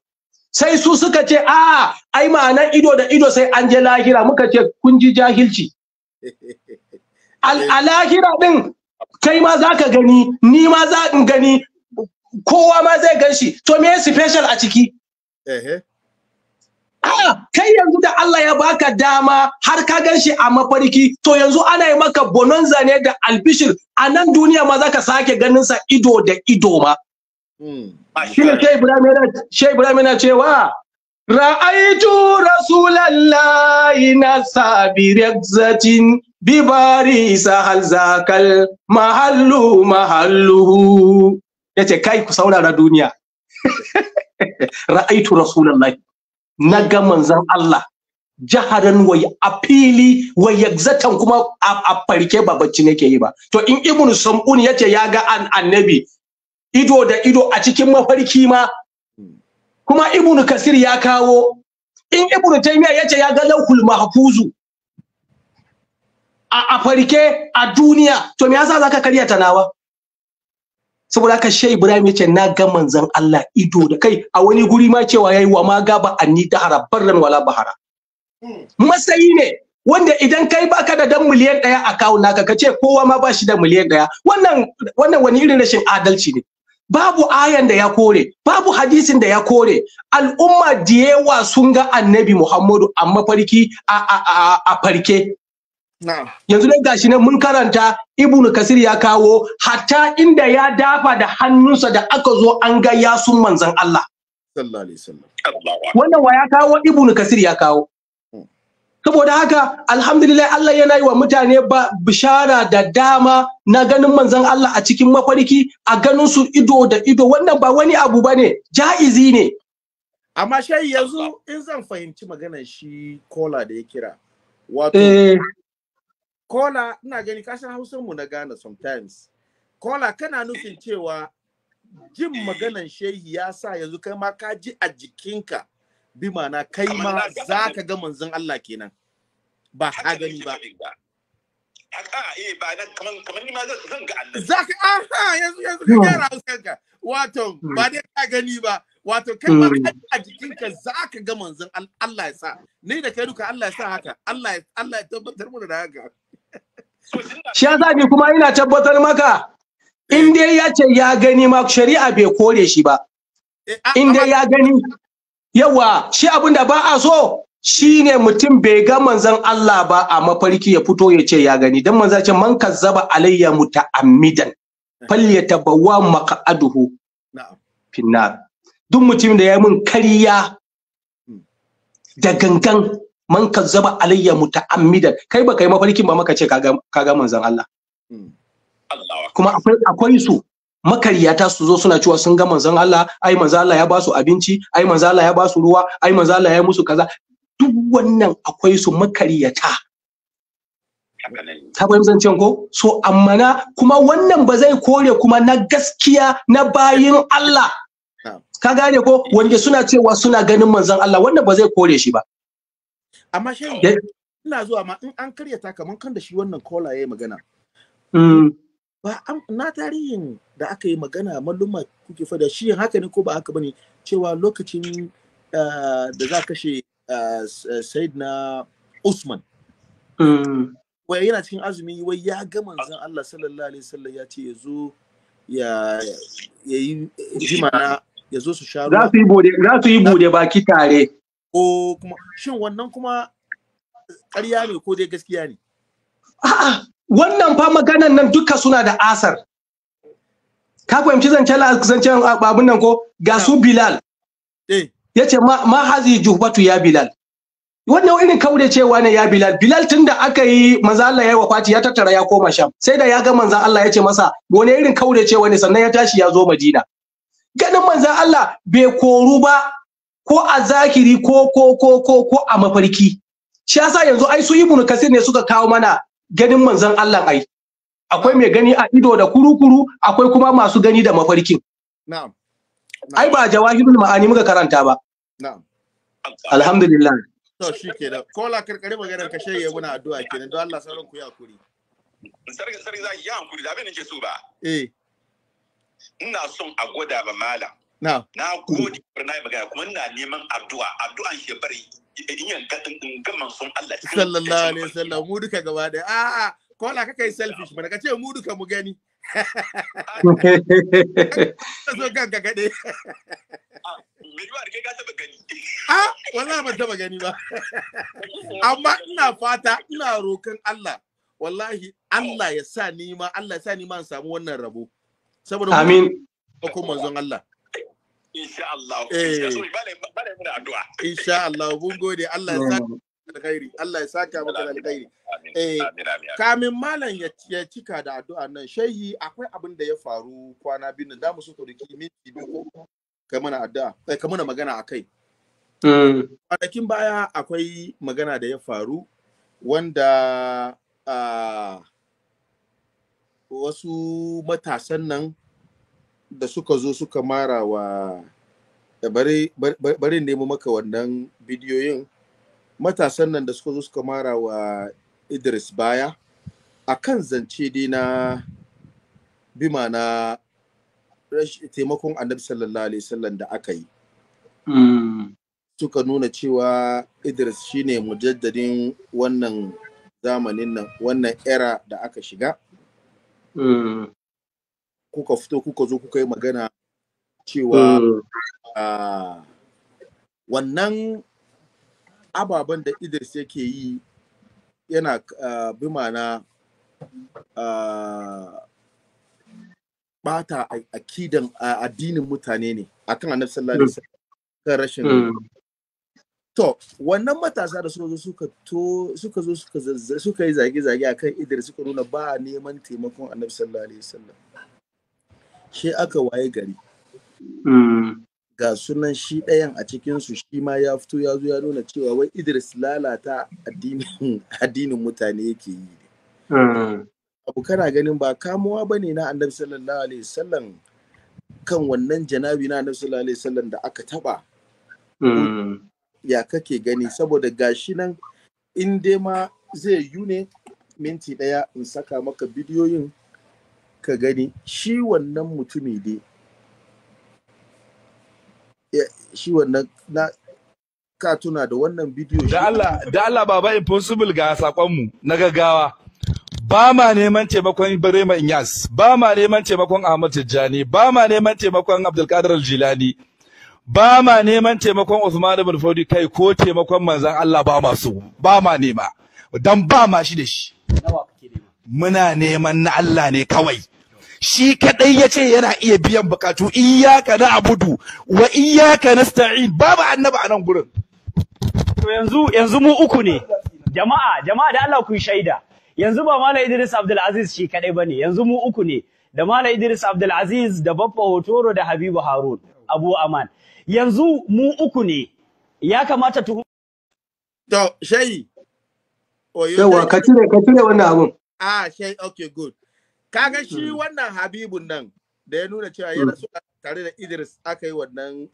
sai su suka ce a ai ma'anan ido da ido sai an je lahira muka ce kun ji jahilci (laughs) a lahira din kai ma za ka gani ni ma za in gani kowa ma zai ganshi, to me special a ciki A'a, kai yanzu da Allah ya baka dama har ka ganshi a mafarki to yanzu ana yi maka bononza ne da albishir a nan duniya ma za ka sake ganin sa ido da ido ma. Shi ne Shai Ibrahim yana cewa رأيت رسول الله نسى بركزة بباريس هل ذاك المحل محله yace kai ku saurara duniya ra'aitu rasulullahi na ga manzon Allah jaharan wai a wai zatan kuma a farke ba bacci nake yi ba to in ibnu sam'un yace ya ga an annabi ido da ido a cikin mafarki ma kuma ibnu kasir ya kawo in ibnu taymiya ya ce ya ga lauhul mahfuzu a farke a duniya to me yasa zaka karya ta nawa saboda ka shai ibrahim ya na ga manzon Allah ido da kai a wani guri ma cewa yayi wa ma gaba anni tahara ran wala bahara masayi ne wanda idan kai baka da dan miliyan daya a kawo naka kace kowa ma ba da miliyan daya wannan wannan wani irin rashin adalci ne babu ayan da ya kore babu hadisin da ya kore al'umma da yawa sun ga annabi muhammadu a mafarki a farke yanzu dai gashi ne mun karanta ibnu kasir ya kawo hatta inda ya dafa da hannunsa da aka zo an ga sun manzan Allah wannan wa ya kawo ibnu kasir ya kawo saboda haka alhamdulillah Allah yana yi wa mutane ba bishara da dama na ganin manzon Allah a cikin mafarki a ganin su ido da ido wannan ba wani abu bane ja'izi ne amma shayi yanzu in zan fahimci maganar shi kola da ya kira wato eh. kola ina gani kashin hausar mu na Ghana sometimes kola kana nufin cewa jin maganar shehi ya sa yanzu kai ma ka ji a jikinka bi kai ma za ka ga manzon Allah kenan ba ka gani ba eh, za ka yanzu yanzu ka hmm. gyara wato hmm. ba dai ka gani ba wato kai ma hmm. a jikinka za ka ga manzon Allah ya sa ni da kai duka Allah ya sa haka Allah Allah ya tabbatar mu da haka shi yasa ni kuma ina tabbatar maka eh. in dai ya ce ya gani ma shari'a bai kore shi ba eh, in dai ya gani yawa shi abin da ba a so shine mutum bai ga manzon Allah ba a mafarki ya fito ya ce ya gani dan manzon ce man kazzaba alayya muta'ammidan falyatabawwa maq'aduhu finnar duk mutum da ya mun kariya da gangan man kazzaba alayya muta'ammidan kai ba kai mafarkin ba maka ce kaga kaga manzon Allah hmm. kuma akwai akwai su makaryata su zo suna cewa sun ga manzon Allah ai manzon Allah ya ba su abinci ai manzon Allah ya ba su ruwa ai manzon Allah ya musu kaza duk wannan akwai su makaryata ta zan cewa ko so na. kuma wannan ba zai kore kuma na gaskiya na bayin Allah ka gane ko wanda suna cewa suna ganin manzon Allah wannan ba zai kore shi ba amma shehu ina zuwa ma in an karyata kaman kan da shi wannan kola yayi magana mm. ba na tarihin da aka yi magana malluma kuke fada shi haka ne ko ba haka bane cewa lokacin eh, da za kashe eh, eh, said na usman mm. wai yana cikin azumi wai ya ga manzon Allah sallallahu alaihi wasallam ya ce ya zo ya yi jimana ya zo su sharu za su yi bude baki tare ko kuma shin wannan kuma ƙarya ne ko dai gaskiya ne a'a wannan fa maganan nan duka suna da asar ka fahimci zancen zancen abun nan ko ga su bilal eh. ya ce ma hazi juhbatu ya bilal wannan irin kaure cewa ne ya bilal bilal tun da aka yi manzo Allah ya yi wafati ya tattara ya koma sham sai da ya ga manzo Allah ya ce masa wani irin kaure cewa ne sannan ya tashi ya zo madina ganin manzo Allah bai koru ba ko a zakiri ko ko ko ko ko a mafarki shi yasa yanzu ai su ibnu kasir ne suka kawo mana ganin manzon Allah ai akwai mai gani a ido da kurukuru akwai kuma masu gani da mafarkin na'am ai ba jawahirul ma'ani muka karanta ba na'am alhamdulillah to shikenan kola karkare maganar ka shege muna addu'a kenan don Allah sauran ku ya kuri sarki sarki za ya hankuri da abin nake so ba eh ina son a gwada ba malam na gode na magana kuma ina neman addu'a addu'an shebari ga manzon Allah sallallahu alaihi wasallam mu duka gaba da a ko la kaka yi selfish mana kace mu duka mu gani so kanka gade (laughs) ah, me yiwa rike ka taba gani a wallahi ban taba gani ba (laughs) amma ina fata ina rokan Allah wallahi Allah ya sa ni Allah ya sa ni ma in samu wannan rabo saboda amin ko zon Allah Insha Allah. Insha Allah. Mun gode Allah ya saka alkhairi. Allah ya saka maka alkhairi. Eh kamin malam ya cika da addu'a nan shehi akwai abin da ya faru kwana biyu nan mu so ka riki biyu ko kai mana addu'a kai eh, ka mana magana akai. Hmm. Kwanakin baya akwai magana da ya faru wanda ah, wasu matasan nan da suka zo suka mara wa eh, bari nemo maka wannan bidiyoyin matasan nan da suka zo suka mara wa idris baya a kan zance dai na bima na taimakon annabi sallallahu alaihi sallan da aka yi hmm. suka nuna cewa idris shine mujaddadin wannan zamanin nan wannan era da aka shiga hmm. kuka fito kuka zo kuka yi magana cewa mm. ah, wannan ababen da idris yake yi yana ah, bi mana uh, ah, bata akidan addinin mutane ne kan annabi sallallahu alaihi mm. wasallam kan rashin mm. to wannan matasa da suka zo suka to suka zo suka suka yi zage-zage akan idris suka nuna ba neman taimakon annabi sallallahu alaihi wasallam shi aka waye gari hmm. ga sunan shi ɗayan a cikinsu shi ma ya fito ya zo ya nuna cewa wai idris lalata addinin mutane yake yi hmm. abu kana ganin ba kamowa ba ne na annabi sallallahu alaihi wasallam kan wannan janabi na annabi sallallahu alaihi wasallam da aka taba hmm. ya kake gani saboda gashi nan in dai ma zai yi ne minti ɗaya in saka maka bidiyoyin ka gani shi wannan mutumi dai shi wannan na ka tuna da wannan bidiyo da Allah da Allah baba impossible ga sakonmu na gaggawa ba ma neman taimakon Ibrahim Inyas ba ma neman taimakon Ahmad Tijjani ba ma neman taimakon Abdulkadir Jilani ba ma neman taimakon Usman ibn Fodi kai ko taimakon manzon Allah ba masu ba ma nema dan ba ma shi da shi muna neman na Allah ne kawai shi kadai ya ce yana iya biyan bukatu iyaka na abudu wa iyaka na nasta'in babu annaba a nan gurin to yanzu yanzu mu uku ne jama'a jama'a da Allah ku shaida yanzu ba Malam Idris Abdul Aziz shi kadai bane yanzu mu uku ne da Malam Idris Abdul Aziz da Babba Hotoro da Habibu Harun Abu Aman yanzu mu uku ne ya kamata tu to shayi yawa ka cire ka cire wannan abun ah shay, okay good kaga shi hmm. wannan habibun nan da ya nuna cewa yana hmm. so tare da idris aka yi wannan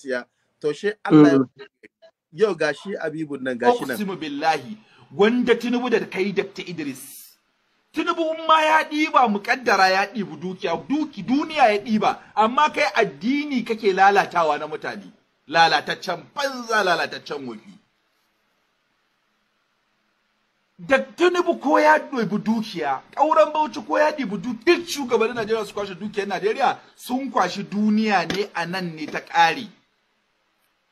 siya to shi allah hmm. yau ga shi habibun nan ga shi nan ƙasimu billahi wanda tinubu da kai dakta idris tinubu ma ya ɗiba muƙaddara ya ɗibu dukiya duki duniya ya ɗiba amma kai addini kake lalatawa na mutane lalataccen banza lalataccen wofi da bu ko ya ɗebi dukiya ƙauran bauchi ko ya ɗebi duk shugabannin najeriya su kwashe dukiyar najeriya sun kwashi duniya ne a nan ne ta ƙari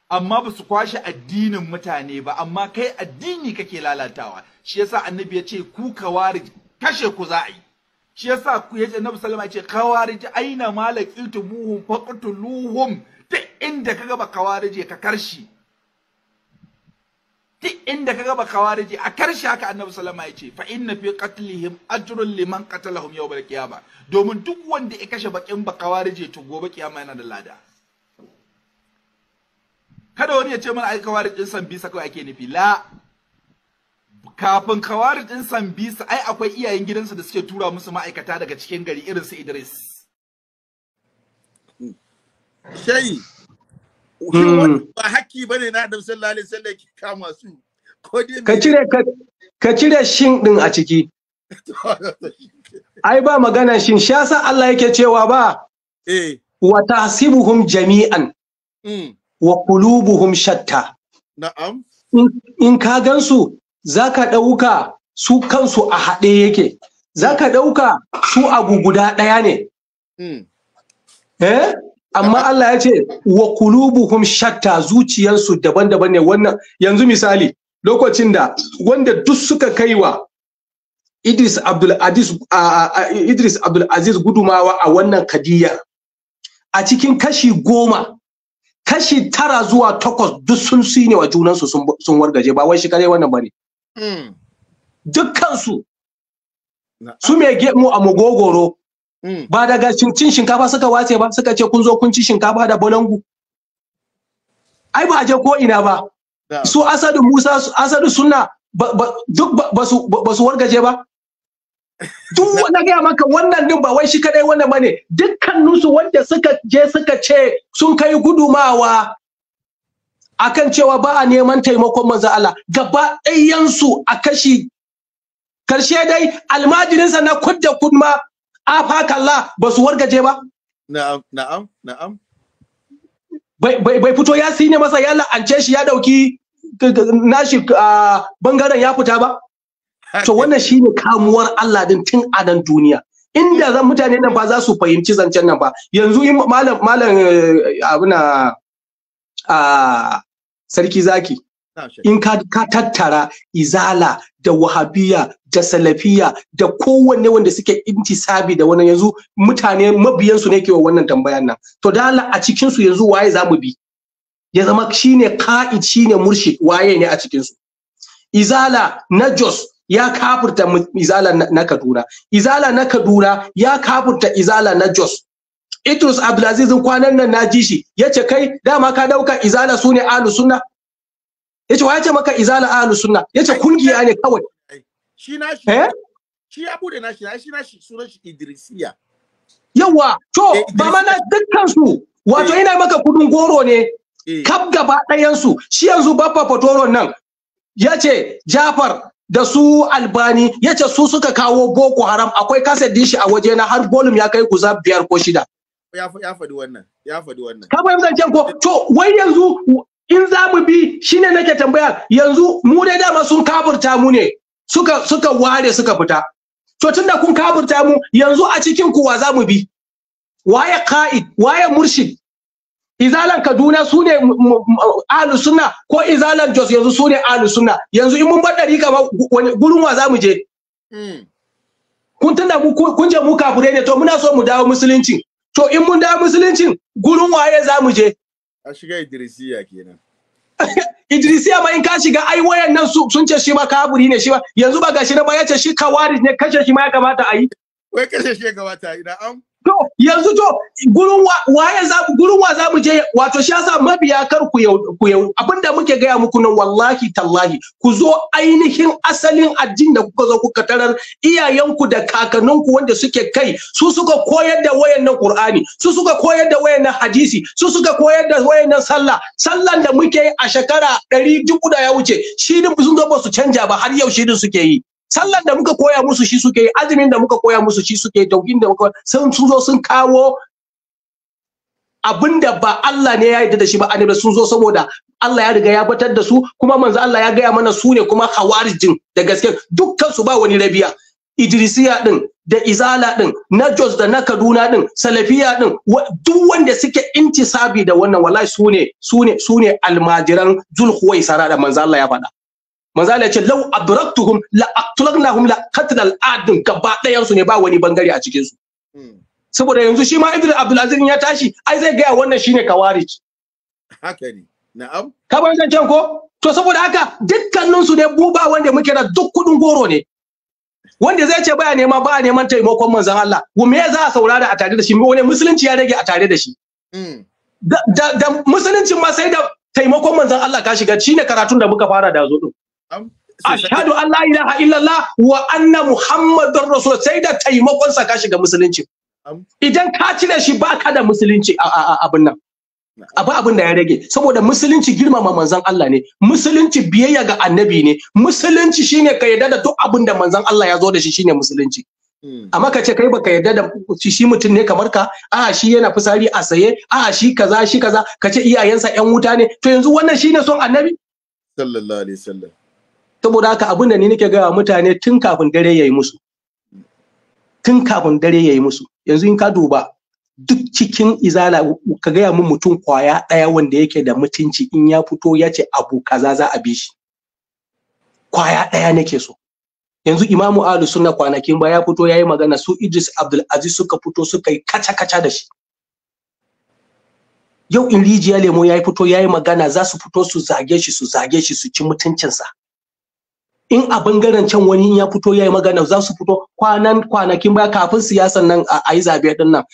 amma ba su kwashe addinin mutane ba amma kai addini kake lalatawa shi yasa annabi ya ce ku kawarij kashe ku za a yi shi yasa ya ce annabi sallama ya ce kawarij aina malaqitumuhum faqtuluhum duk inda ka ba kawarije ka karshe. duk inda ka gaba kawariji a karshe haka annabi sallama ya ce fa inna fi qatlihim ajrun liman qatalahum al qiyama domin duk wanda ya kashe bakin ba kawariji to gobe kiyama yana da lada kada wani ya ce mana ai kawarijin san bisa kawai ake nufi la kafin kawarijin san bisa ai akwai iyayen gidansa da suke tura musu ma'aikata daga cikin gari irin su Idris shayi Hmm. ba haƙƙi bane na Adam sallallahu alaihi wasallam ki kama su ka cire ka cire shin din a ciki (laughs) ai ba magana shin shi yasa Allah yake cewa ba eh wa tahsibuhum jami'an hmm. wa qulubuhum shatta na'am in ka gansu zaka dauka su kansu a haɗe yake zaka dauka su abu guda ɗaya ne hmm. eh amma Allah ya ce wa kulubuhum shatta zuciyarsu daban-daban ne wannan yanzu misali lokacin da wanda duk suka kaiwa Idris Abdul Aziz Idris Abdul Aziz gudumawa a wannan kadiyar a cikin kashi goma kashi tara zuwa takwas duk sun ne wa junansu sun wargaje ba wai shi kare wannan bane hmm. dukkansu su mai mu a mugogoro Mm. Ba daga cin shinkafa suka wace ba suka ce kun zo kun ci shinkafa da bolangu. Ai ba a je ko ina ba. Su Asadu Musa Asadu Sunna duk ba su wargaje ba. (laughs) Duk wanda gaya maka wannan din ba wai shi kadai wannan ba ne dukkaninsu wanda suka je suka ce sun kai gudumawa akan cewa ba a neman taimakon manzo Allah gaba ɗayansu a kashi karshe dai sa na kudda kudma afa kalla ba su wargaje ba na'am na'am na'am bai fito ya sine masa ya la'ance shi ya dauki nashi bangaren ya fita ba to wannan shine kamuwar Allah din tun a nan duniya inda zan mutane nan ba za su fahimci zancen nan ba yanzu malam malam eh, abuna a sarki zaki in ka tattara izala da wahabiya da salafiya da kowanne wanda suke intisabi da wannan yanzu mutane mabiyansu ne ke wa wannan tambayan nan to dala a cikinsu yanzu waye za mu bi ya zama shine ka'id shine murshid waye ne a cikinsu izala na jos ya kafurta izala na kaduna izala na kaduna ya kafurta izala na jos Idris Abdulaziz kwanan nan na ji shi ya ce kai dama ka dauka izala su ne alu sunna yace wa yace maka izala ahlus sunna yace kungiya ne kawai shi na shi eh shi ya bude na shi shi na shi sunan shi idrisiya yawa to eh, ba ma na dukkan su wato eh. ina maka kudin goro ne eh. kaf gaba ɗayan su shi yanzu babba fatoro nan yace Jafar da su albani yace su suka kawo boko haram akwai kaset din shi a waje na har bolum ya kai guza biyar ko shida ya faɗi wannan ya faɗi wannan ka yanzu ko to wai yanzu in za mu bi shine nake tambaya yanzu mu dai dama sun kaburta mu ne suka suka ware suka fita to tunda kun kaburta mu yanzu a cikin ku wa za mu bi waye qa'id waye murshid izalan kaduna su ne ahlus sunna ko izalan jos yanzu su ne ahlus sunna yanzu in mun bar dariƙa ma gurin wa za mu je hmm. kun tunda kun je mu kafure ne to muna so mu dawo Musulunci, to in mun dawo Musulunci gurin waye za mu je a shiga idrisiya kenan (laughs) idrisiya ma in ka shiga ai wayan nan sun ce shi ma kaburi ne shi ba yanzu ba gashi na ba ya ce shi kawarij ne kashe shi ma ya kamata a yi wai kashe shi ya kamata a yi To yanzu to gurin waye za gurin wa za mu je wato shi yasa mabiya kar ku yau ku yau abinda muke gaya muku nan wallahi tallahi ku zo ainihin asalin addin da kuka zo kuka tarar iyayenku da kakanninku wanda suke kai su suka koyar da wayannan Qur'ani su suka koyar da wayannan hadisi su suka koyar da wayannan sallah sallan da muke a shekara ɗari dubu da ya wuce shi din sun zo ba su canja ba har yau shi din suke yi sallar da muka koya musu shi suke azumin da muka koya musu shi suke tauhidin da muka sun sun zo sun kawo abinda ba Allah ne ya yarda da shi ba annabi sun zo saboda Allah ya riga ya batar da su kuma manzo Allah ya gaya mana su ne kuma hawarijin da gaske dukkan su ba wani rabiya Idrisiya din da Izala din na Jos da na Kaduna din Salafiya din duk wanda suke intisabi da wannan wallahi sune ne su ne almajiran Zulhuwaisara da manzo Allah ya faɗa manzo Allah ya ce law adraktuhum la aqtulnahum la qatl al adin gaba dayan su ne ba wani bangare a cikin su hmm. saboda yanzu shi ma Ibn Abdul ya tashi ai zai ga wannan shine kawarij haka ne na'am ka ban can ko to saboda haka dukkanin su ne buba wanda muke da duk kudin goro ne wanda zai ce baya nema ba neman taimakon manzon Allah wa me za a saurara a tare da shi wani musulunci ya rage a tare da shi hmm. da musuluncin ma sai da taimakon manzon Allah ka shiga shine karatun da muka fara da zo din ashhadu Allah, la ilaha illallah wa anna muhammadar rasul sai da taimakon sa ka shiga musulunci idan ka cire shi baka da musulunci abin nan abu abin da ya rage saboda musulunci girmama manzon Allah ne musulunci biyayya ga annabi ne musulunci shine ka yarda da duk abin da manzon Allah ya zo da shi shine musulunci hmm. amma ka ce kai baka yarda da shi mutum ne kamar ka a shi yana fitsari a saye a shi kaza shi kaza ka ce iyayensa yan wuta ne to yanzu wannan shine son annabi sallallahu alaihi wasallam saboda haka abin da ni nake gaya mutane tun kafin dare yayi musu tun kafin dare yayi musu yanzu in ka duba duk cikin izala ka gaya min mutum kwaya ɗaya wanda yake da mutunci in ya fito ya ce abu kaza za a bi shi kwaya ɗaya nake so yanzu imamu ahlu sunna kwanakin ba ya fito ya magana su idris Abdul Aziz suka fito suka yi kaca-kaca da shi yau in rijiya lemo ya fito yayi magana za su fito su zage shi su zage shi su ci mutuncinsa in a bangaren can wani ya fito ya yi magana za su fito kwanan kwanakin baya kafin siyasan nan a yi zabe din nan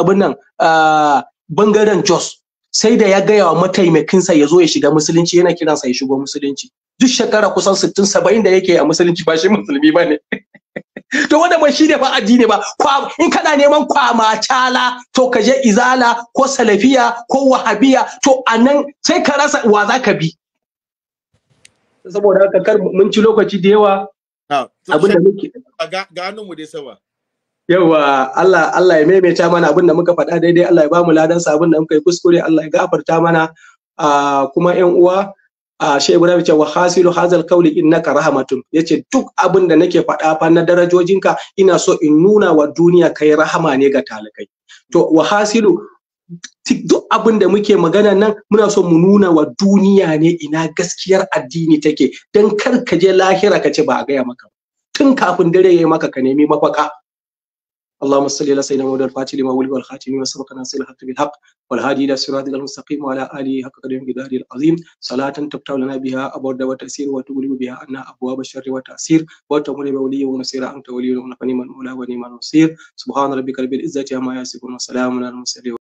abin nan ah, bangaren jos sai da ya gaya wa mataimakinsa ya zo ya shiga musulunci yana kiransa ya shigo musulunci duk shekara kusan sittin saba'in da yake a musulunci ba shi musulmi ba ne (laughs) to wanda ba shi ne ba addini ba in kana neman kwama cala to ka je izala ko salafiya ko wahabiya to anan sai ka rasa wa za ka bi saboda haka kar mun ci lokaci da yawa abin da muke ga mu dai sama yawa Allah Allah ya maimaita mana abin da muka faɗa daidai Allah ya bamu ladan sa abin da muka yi kuskure Allah ya gafarta mana kuma ƴan uwa Shehu Ibrahim ce wa hasilu hazal kauli innaka rahmatun yace duk abin da nake faɗa fa na darajojinka ina so in nuna wa duniya kai rahama ne ga talakai to wa hasilu duk abin da muke magana nan muna so mu nuna wa duniya ne ina gaskiyar addini take don kar ka je lahira ka ce ba a gaya maka tun kafin dare ya maka ka nemi mafaka اللهم صل على سيدنا محمد الفاتح لما ولي والخاتم وسبق ناصر الحق بالحق والهادي الى صراط المستقيم وعلى اله حق قدره ومقداره العظيم صلاة تفتح لنا بها ابواب وتأثير وتغلب بها عنا ابواب الشر والتأثير وتمر بولي ونصير انت ولي ونعم المولى ونعم النصير سبحان ربك رب العزة عما يصفون وسلام على المرسلين